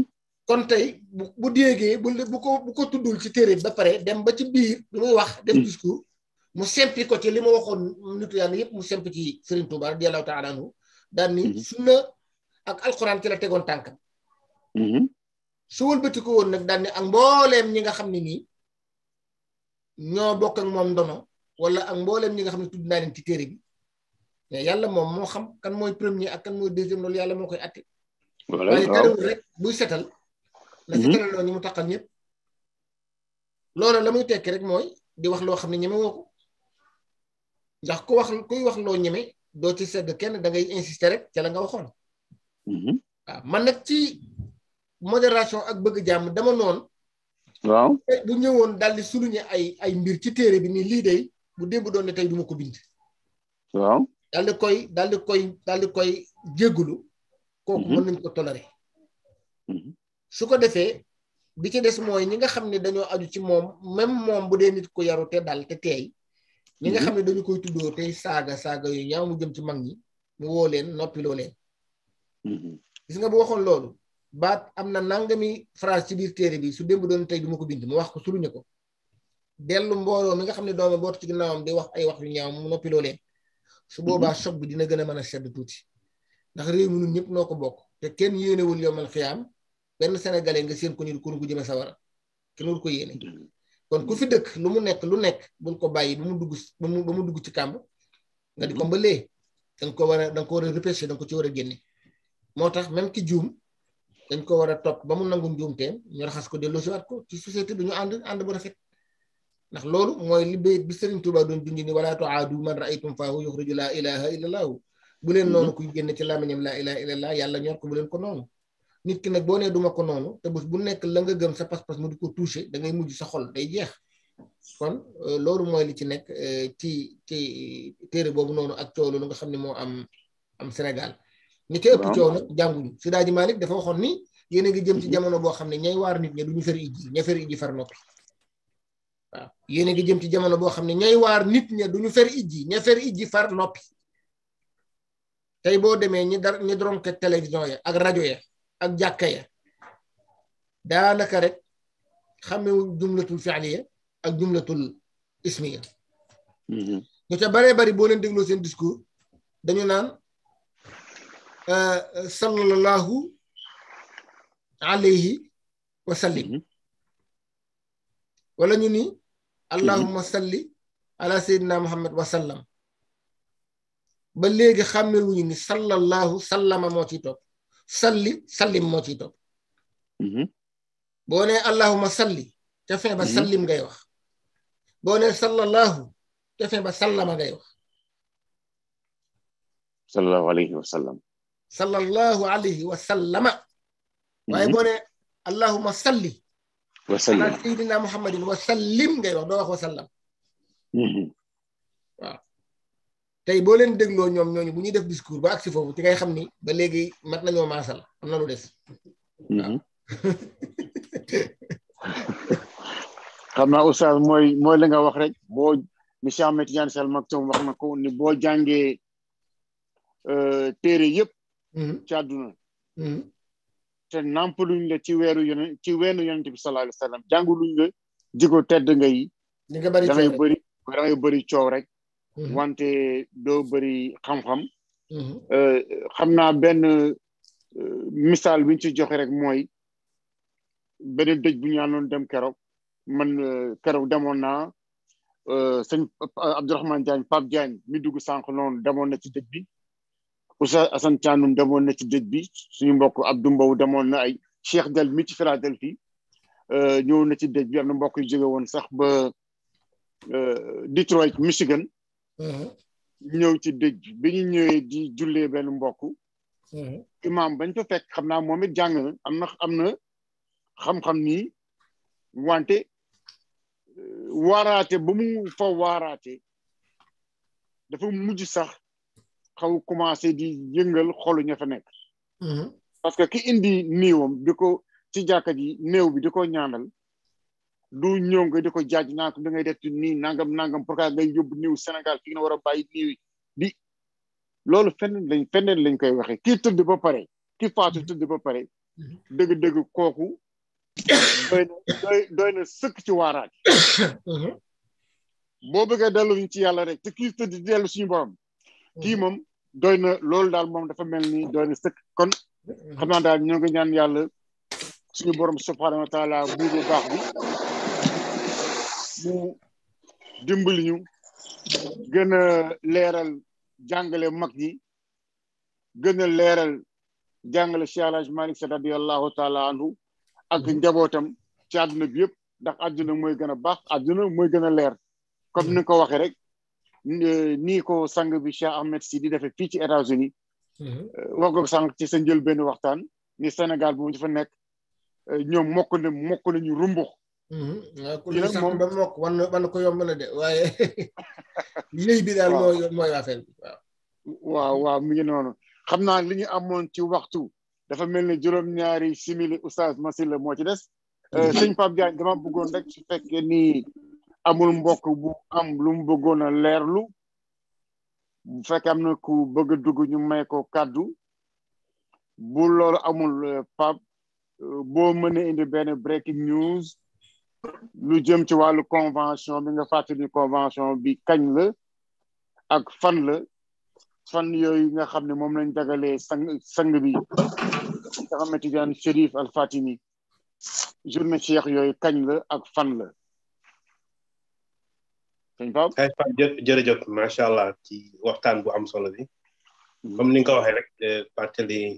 kon tey bu bu déegee bu bu ko bu ko tuddul ci téere ba pare dem ba ci biir lu muy wax def discours mu sempi ko ci li ma waxoon nitu yàlla yëpp mu sempi ci Serigne Touba radiallahu taala anhu daan ni sunna ak alquran ci la tegoon tànkam Mm-hmm. su wëlbati woon nag daal ne ak mbooleem ñi nga xam ne nii ñoo bokk moom ndono wala ak mbooleem ñi nga xam ne tudd naa leen ci téere bi mais yàlla moom moo xam kan mooy premier ak kan mooy deuxième loolu yàlla moo koy atte waaye terewul rek buy setal na mm-hmm. mu taqal ñëpp loola la muy tekki rek mooy di wax loo xam ne ñeme woo ko ndax ku wax kuy wax loo ñeme doo ci sedd kenn da ngay insister rek ca la nga waxoon mm-hmm. man nag ci modération ak bëgg jàmm dama noonu waaw eh, bu ñëwoon daal su souligné ay ay mbir ci téere bi nii lii de bu deb doon ne tey du ma ko bind waaw daal koy daal koy daal koy jéggulu mhm. kooku mën nañ ko toléré mhm. su ko defee bi ci des mooy ñi nga xam ne dañoo aju ci moom même moom bu dee nit ku yaru te dal te teey ñi nga mhm. xam ne dañu koy tuddoo tey saaga saaga yu ñaaw mu jëm ci mag ñi mu woo leen noppiloo leen gis nga bu waxoon loolu baat am na nangami phrase ci biir téere bi su bu doon tey du ma ko bind mu wax ko suruñu ko dellu mbooloo mi nga xam ne dooma bootu ci ginnaawam di wax ay wax yu ñaaw mu noppi loolee su mhm. boobaa choc bi dina gën a mën a sedd tuuti ndax réew ñëpp noo ko bokk te kenn yéenewul yomal xiyaam benn sénégalais nga seen ko nii kon ku jëme sawara kenn wul ko yéene mhm. kon ku fi dëkk lu mu nekk lu nekk bul ko bàyyi ba mu dugg ba mu mu dugg ci kàmb nga di ko mhm. ba danga ko war a danga ko war a repêché danga ko ci war a génne moo tax même ki juum dañ ko war a topp ba mu nangu njuumteem ñu raxas ko delloosiwaat ko ci société bi ñu ànd ànd bu rafet ndax loolu mooy li bayit bi Sëriñ Tuuba doon junj ni wala tuaadu man raaytum faahu yuxriju laa ilaha bu leen noonu kuy génn ci làmmiñam laa ilaha illallah yàlla ñor ko leen ko noonu ki nag boo nee duma ko noonu te bés bu nekk la nga sa pas ko touché da ngay mujj sa xol day jeex kon euh, loolu mooy li ci nekk euh, ci ci téere boobu noonu ak coow loolu nga xam ne moo am am Sénégal ñi ca ëpp coow nag dafa waxoon ni yéen a ngi jëm ci jamono boo xam ne ñay waar nit ñi duñu fer ijji ña fer ijji far noppi yéen a ngi jëm ci jamono boo xam ne ñay waar nit ña duñu fer ijji ña fer ijji far noppi tey boo demee ñi dar ñi doon ko ya ak rajo ya ak jàkka ya daanaka rek xam xamme jumlatul fi'liya ak jumlatul ismiya mm-hmm. ñu ca baree bari boo leen dégloo seen discours dañu naan sallallahu alayhi wa sallim wala ñu ni allahumma salli ala sayyidina muhammad wa sallam ba léegi xàmme wuñu ni sallama moo ciy topp salli sallim moo ci topp boo nee allahumma salli ca fin ba sallim ngay wax boo nee sallallahu ca fin ba sallama ngay wax sallallahu alayhi wa صلى الله عليه وسلم ويقول اللهم صل وسلم على سيدنا محمد وسلم غير الله وسلم تاي بولين دغلو نيوم نيوني بني ديف ديسكور با اكسي فوفو تي خامني با ليغي مات نيو ما امنا لو ديس خامنا استاذ موي موي ليغا واخ رك بو ميشيام سال مكتوم واخ نكو ني بو جانغي ا تيري ييب Hmm. ci àdduna hmm. te nampaluñ la ci weeru yonent ci weenu yonent bi sallallahu alayhi wa sallam jànguluñ la tedd nga yi da ngay bëri da ngay rek hmm. wante doo bari xamxam xam euh, xam naa benn euh, misaal biñ ci joxe rek mooy benn dëj bu ñu àndoon dem keroog man euh, keroog demoon naa sëñ Abdourahmane Diagne Pape Diagne mi dugg sànq noonu demoon na ci dëj bi Oussa Assane Thianoum demoon na ci dëj bi suñu mbokk Abdou Mbow demoon na ay Cheikh Del mi ci Philadelphie ñëw na ci dëj bi am na mbokk yu jóge woon sax ba Detroit Michigan. ñëw ci dëj bi bi ñu ñëwee di jullee benn mbokk. imaam bañ fa fekk xam naa moom it jàng na am na am na xam-xam nii wante waaraate ba mu fa waaraate dafa mujj sax. xaw commencé di yëngal xolu ña fa nekk mhm. parce que ki indi néewam di ko ci jàkka ji néew bi di ko ñaanal du ñëw nga di ko jaaj naa ko da ngay def ci nii nangam nangam pourquoi ngay yóbbu néew Sénégal fi nga war loolu feneen lañ feneen lañ koy waxee kii tëdd ba pare kii faatu mhm. tëdd ba pare mhm. dëgg-dëgg kooku doy na sëkk ci waaraat boo bëggee delluñ ci yàlla rek te kii tëdd di dellu suñu kii moom doy na loolu daal moom dafa mel ni doy na sëkk kon xam naa daal ñoo ngi ñaan yàlla suñu borom subhaanahu wa taala baax bi mu dimbali ñu gën leeral jàngale mag yi gën a leeral jàngale Cheikh Alhaji Malick Sy radiyallahu taala anhu ak njabootam ci àdduna bi yëpp ndax àdduna mooy gën a baax àdduna mooy gën a leer comme ni nga ko waxee rek nii ko sang bi Cheikh Ahmed Sy di defee fii ci États-Unis mhm. euh, wax ko sànq ci sa njël benn waxtaan ni Sénégal bu dafa nekk euh, ñoom mokk na mokk nañu rumbux waaw mhm. ah, nag moom ba mokk wan wan ko yomb de waaye léy waaw waaw waaw mi ngi xam naa li amoon ci waxtu dafa mel ni juróom-ñaari simili oustaz Masila moo ci des euh, mhm. sëñ Pape Diagne dama bëggoon rek su amul mbokk bu am lu mu bëggoon a leerlu bu am na ku bëgg a ñu may ko kàddu bu loolu amul euh, pap euh, boo mënee indi benn breaking news lu jëm ci wàllu convention bi nga fàttali convention bi kañ la ak fan la fan yooyu nga xam ne moom lañ jagalee sang sang bi nga xamante ne Al Fatimi journée Cheikh yooyu kañ la ak fan la. sëñ eh, jërëjëf macha allah ci waxtaan bu am solo bi hmm. comme ni nga ko waxee rek fàttali eh,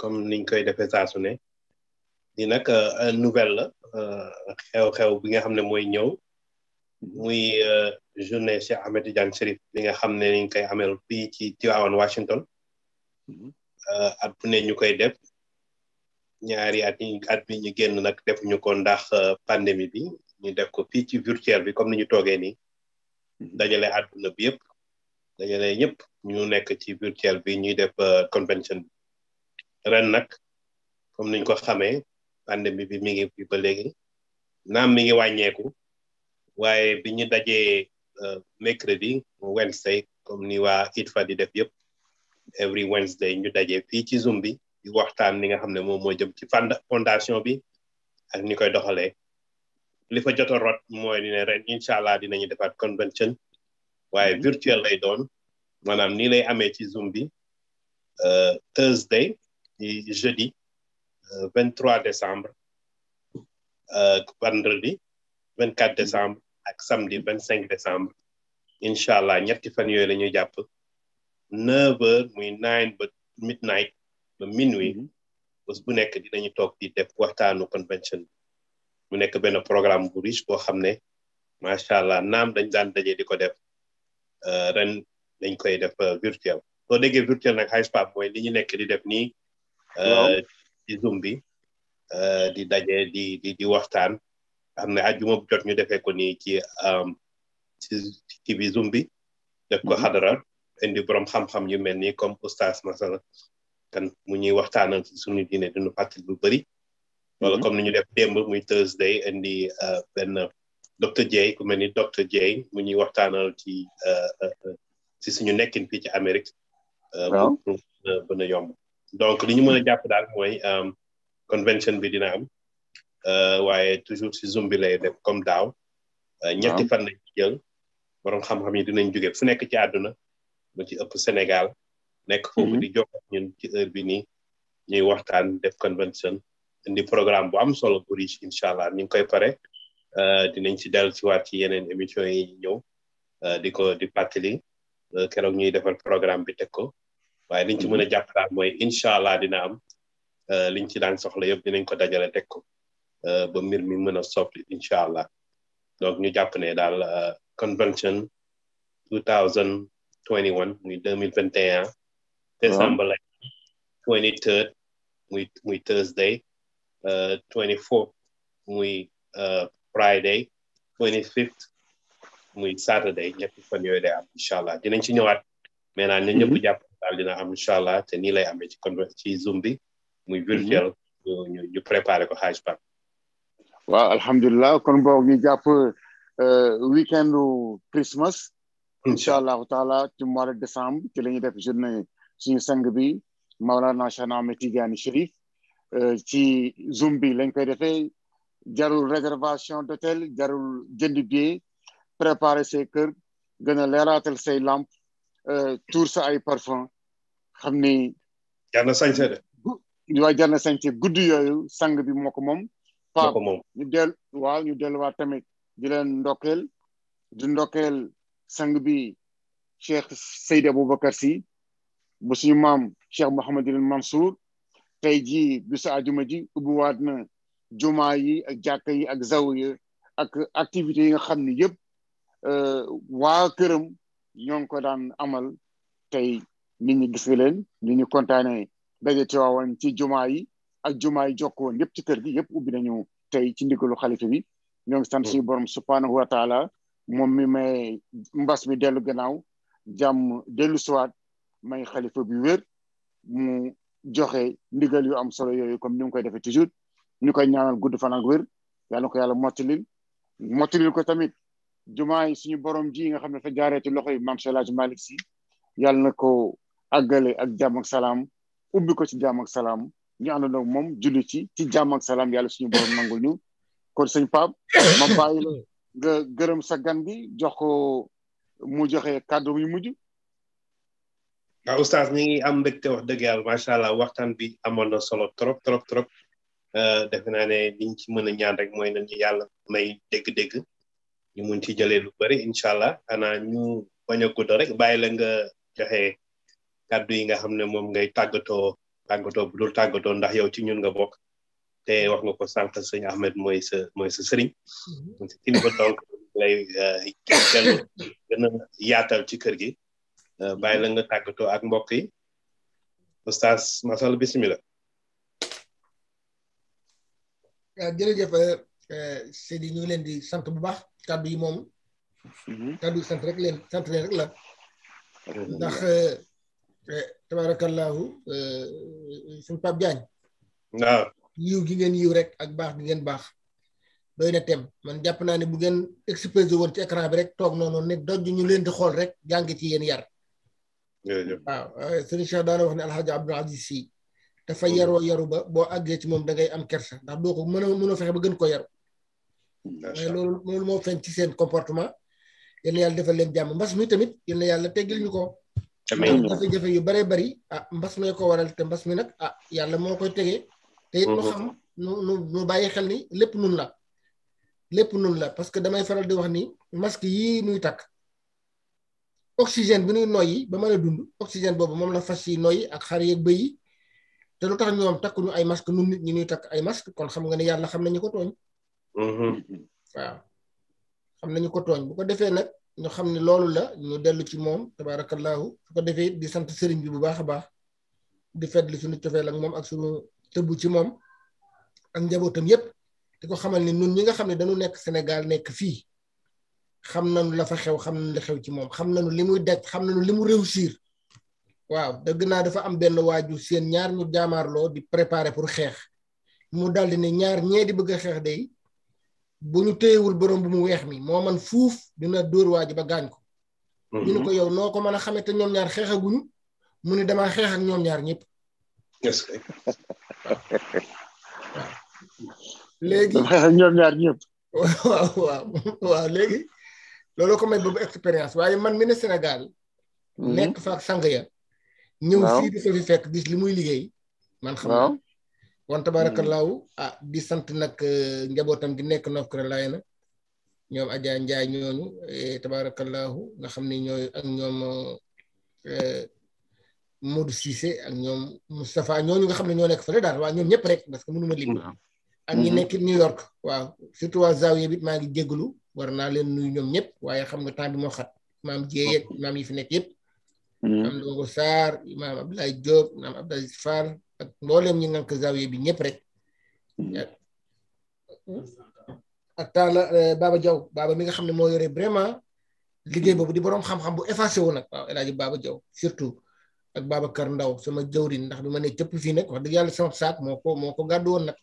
comme niñ koy defee saa su ne di nag eh, nouvelle la xew-xew bi nga xam ne mooy ñëw muy journée Cheikh Ahmed Tidiane Chérif bi nga xam ne niñ koy ameel fii ci Tivaouane Washington hmm. at bu ne ñu koy def ñaari at yi at bi ñu génn nag defuñu ko ndax pandémie bi ñu def ko fii ci virtuel bi comme ni ñu toogee nii dajale àdduna bi yëpp dajale ñëpp ñu nekk ci virtuel bi ñuy def euh, convention bi ren nag comme niñ ko xamee pandémie bi mi ngi fi ba léegi naam mi ngi wàññeeku waaye bi ñu dajee euh, mercredi wednesday comme ni waa ITFA di def yëpp every wednesday ñu dajee fii ci zoom bi di waxtaan li nga xam ne moom moo jëm ci fondation bi ak ni koy doxalee li fa jot a rot mooy ni ne ren incha allah dinañu defaat convention waaye mhm. virtuel lay doon maanaam nii lay amee ci zoom bi euh, Thursday di jeudi euh, vingt trois décembre euh, vendredi vingt quatre décembre ak samedi vingt cinq décembre incha allah ñetti fan yooyu la jàpp neuf heures muy nine ba midnight ba minuit mhm. bés bu nekk dinañu toog di def waxtaanu convention bi mu nekk benn programme bu riche boo xam ne macha allah naam dañ daan daje di ko def euh, ren dañ koy def euh, virtuel soo déggee virtuel nag high spa mooy li ñu nekk di def nii. Euh, ci zoom bi di daje di di di waxtaan xam ne àjjuma bu jot ñu defee nii ci ci ci bi zoom bi. def ko mhm. xadara indi borom xam-xam yu mel nii comme oustaz masala kan mu ñuy waxtaanal suñu diine dinu fàttali lu bari wala mhm. comme ni ñu def démb muy Thursday indi euh, benn docteur Dieye ku mel ni docteur Dieye mu ñuy waxtaanal ci si euh, euh, suñu nekkin fii ci Amérique. waaw pour yomb. donc li ñu mën a jàpp daal mooy convention bi dina am waaye toujours si Zoom bi lay def comme daaw. ñetti fan lañ jël borom xam-xam yi dinañ jóge fu nekk ci àdduna lu ci ëpp Sénégal. nekk foofu mhm. di jox ñun ci heure bi nii ñuy waxtaan def convention. indi programme bu am solo bu riche incha allah ñu ngi koy pare euh, dinañ si dellu si waat ci yeneen émission yi ñëw euh, di ko di fàttali euh, keroog ñuy defar programme bi teg ko waaye liñ ci mën a mhm. jàpp daal mooy incha allah dina am liñ ci daan soxla yëpp dinañ ko dajale teg ko ba mbir mi mën a soppi incha allah donc ñu jàpp ne daal convention 2021 muy 2021 décembre la 23 muy muy Thursday Uh, twenty fourth muy uh, Friday twenty fifth muy Saturday ñetti fan yooyu day am incha allah dinañ ci ñëwaat maintenant ñun ñëpp mhm. jàpp daal dina am incha allah te nii lay amee ci kon ci Zoom bi muy mhm. virtuel ñu ñu préparé ko Hajj Pape. waaw alhamdulilah kon boog ñu jàpp uh, weekend Christmas. Mhm. incha allahu taala ci mois de ci la ñuy def journée suñu sang bi Mawlana Cheikh Ahmed Tidiane Chérif. Euh, ci Zoom bi lañ koy defee jarul réservation d'hôtel jarul jënd billet préparer say kër gën a leeraatal say lamp euh, tuur sa ay parfum xam ni. jar na sañse de. waaw jar guddi yooyu sang bi moo ko moom. ñu del waaw ñu delluwaat tamit di leen ndokkeel di ndokkeel sang bi Cheikh Seydi Aboubacar si bu suñu maam Cheikh Mouhamadul Mansour. tey jii bisu àjjuma ji ubbiwaat na jumaa yi ak jàkka yi ak zawiya ak activités yi nga xam ne yëpp euh, waa këram ñoo ngi ko daan amal tey nit ñi gis leen nit ñi kontaane daje Tiwaawan ci jumaa yi ak jumaa yi jokkoon yëpp ci kër gi yëpp ubbi nañu tey ci ndigalu xalifa bi ñoo ngi sant suñu borom subhaanahu wa taala moom mi may mbas mi dellu gannaaw jàmm dellu siwaat may xalifa bi mu joxe ndigal yu am solo yooyu comme ni mu koy defee toujours ñu koy ñaanal gudd fan ak wér yàlla ko yàlla mottalil mottalil ko tamit jumaa yi suñu borom ji nga xam ne fa jaaree ci loxo yi maam El Hadj Malick yàlla na ko àggale ak jàmm salaam ubbi ko ci jàmm salaam ñu ànd ak moom julli ci ci jàmm ak salaam yàlla suñu borom nangul ñu kon sëñ Pape ma bàyyi la nga jox ko mu joxe kàddu yu mujj waaw ah, oustaz ñi ngi am mbégte wax dëgg yàlla macha allah waxtaan bi amoon na solo trop trop trop euh, defe naa ne liñ ci mën a ñaan rek mooy nañu yàlla may dégg-dégg ñu mun ci jëlee lu bëri incha allah xanaa ñu bañ a gudd rek bàyyi la nga joxe kàddu yi nga xam ne moom ngay tàggatoo tàggatoo bu dul tàggatoo ndax yow ci ñun nga bokk te wax nga ko sànq sëñ mooy sa mooy sa sëriñ. Mm-hmm. donc lay euh, yaatal ci kër gi. Euh, bàyyi la nga tàggatoo ak mbokk yi oustaz Masal bisimilah. waaw euh, jërëjëf euh, Seydi ñu leen di sant bu baax kàddu yi moom. Mhm. kàddu yi rek leen sant leen rek la. ndax tabarakallahu suñ Pape Diagne. waaw yiw gi ngeen yiw rek ak baax gi ngeen baax. doy na tem man jàpp naa ne bu ngeen exposé woon ci écran bi rek toog noonu ne doj ñu leen di xool rek jàng ci yéen yar. jërëjëf waaw sëriñ Cheikh daana wax ne alxaaji Abdul Aziz Si dafa hmm. yaroo yaru ba boo àggee ci moom da ngay am kersa ndax doo ko mënoo mënoo fexe ba gën ko yaru waaye loolu moo feeñ ci seen comportement yéen yàlla defal leen jàmm mbas mi tamit yéen yàlla teggil ñu ko yu baree bari ah mbas mee ko waral te mbas mi nag ah yàlla moo koy tegee te it nu hmm. xam nu nu nu bàyyi xel ni lépp nun la lépp nun la parce que damay faral di wax ni masque yii nuy takk oxygène bi ñuy noyyi ba mën a dund oxygène boobu moom la fas yi noyyi ak xar yeeg bëy yi te lu tax ñoom takkuñu ay masque nun nit ñi ñuy takk ay masque kon xam nga ne yàlla xam nañu ko tooñ mm-hmm. xam nañu ko tooñ bu ko defee nag ñu xam ne loolu la ñu dellu ci moom tabaarakallaahu su ko defee di sant sëriñ bi bu baax a baax di fetli suñu cofeel ak moom ak suñu tëbbu ci moom ak njabootam yépp di ko xamal ni nun ñi nga xam ne dañu nekk Sénégal nekk fii xam na la fa xew xam nañu la xew ci moom xam nañu li muy daj xam na nañu li mu réussir waaw dëgg naa dafa am benn waaju seen ñaar ñu jaamaarloo di préparer pour xeex mu daldi ne ñaar ñee di bëgg a xeex day bu ñu téyewul boroom bu mu weex mi moo man fuuf dina dóor waaju ba gaañ ko mhm. ñu ne ko yow noo ko mën a xamante ñoom ñaar xeexaguñu mu ni dama xeex ñoom ñaar ñëpp léegi ñoom waaw waaw léegi looloo ko may bëgg expérience waaye man mi ne Sénégal. Mhm. nekk fa ak sang ya. ñëw fii di ko fi fekk gis li muy liggéey. man xam nga wan tabaarakallaahu mhm. ah, di sant nag eh, njabootam gi nekk North Carolina ñoom Adja Ndiaye ñooñu eh, tabaarakallaahu nga xam ne ñooy ak ñoom eh, Modou ak ñoom Moustapha ñooñu nga xam ne ñoo nekk fële daal waaw ñoom ñëpp rek parce que mënu ma lim. Mhm. ak ñi nekk New York waaw surtout waa Zawiya maa ngi jégalu war naa leen nuyu ñoom ñëpp waaye xam nga temps bi moo xat maam Jéey ak maam yi fi nekk yëpp. maam mm-hmm. Ndongo Sarr maam Abdoulaye Diop maam bi ñëpp rek. Mm-hmm. ak taala eh, Baba mi nga xam ne moo yore vraiment liggéey boobu di boroom xam-xam bu effacé wu nag waaw El Hadj Baba Diaw Ndaw sama jawrin ndax bi ma ne cëpp fii nag wax dëgg yàlla sama saak moo ko moo ko gàddu woon nag.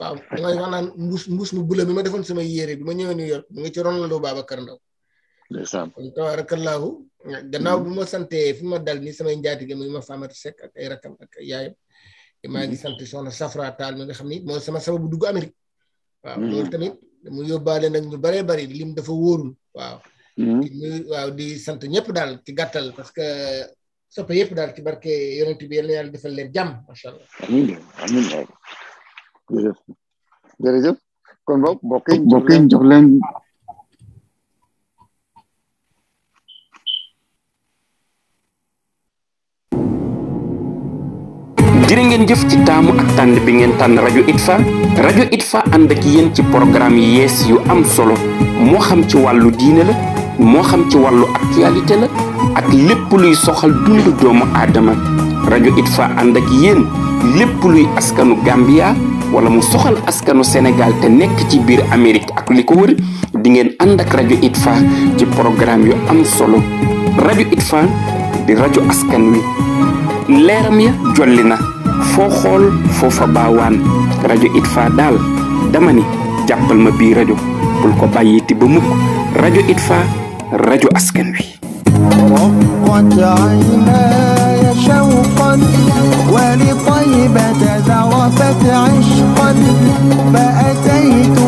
waaw damay wax naan mbuus mbuus mu bula bi ma defoon sama yére bi ma ñëwee New York mu ngi ci Ronaldo Babacar Ndaw kon tabaarakallaahu gannaaw bu ma sante ma dal ni samay njaatige muy ma Famati Seck ak ay rakam ak yaayam maa ngi sant soxna Safra Taal mi xam ni mooy sama sababu dugg Amérique waaw mm-hmm. loolu tamit mu yóbbaale nag ñu baree bari lim dafa wóorul waaw mm-hmm. waaw di sant ñëpp daal ci gàttal parce que soppe yëpp daal ci barke yonent bi yal defal leen jàmm macha allah amiin amiin Jadi, jadi, con Bob, booking, Boquín, Jorlen. jërë ngeen jëf ci taamu ak tànn bi ngeen tànn rajo itfa rajo itfa ànd ak yéen ci programme yi yees yu am solo moo xam ci wàllu diine la moo xam ci wàllu actualité la ak lépp luy soxal dundu doomu aadama rajo itfa ànd ak yéen lépp luy askanu gambia wala mu soxal askanu senegal te nek ci bir Amérique ak liko wër di ngeen and ak radio ITFA ci programme yu am solo radio ITFA di radio askan wi leram ya jollina radio xol fo fa bawan radio ITFA dal dama ni jappal ma bi radio bul ko ba mukk radio ITFA radio askan wi عرفت عشقا فأتيت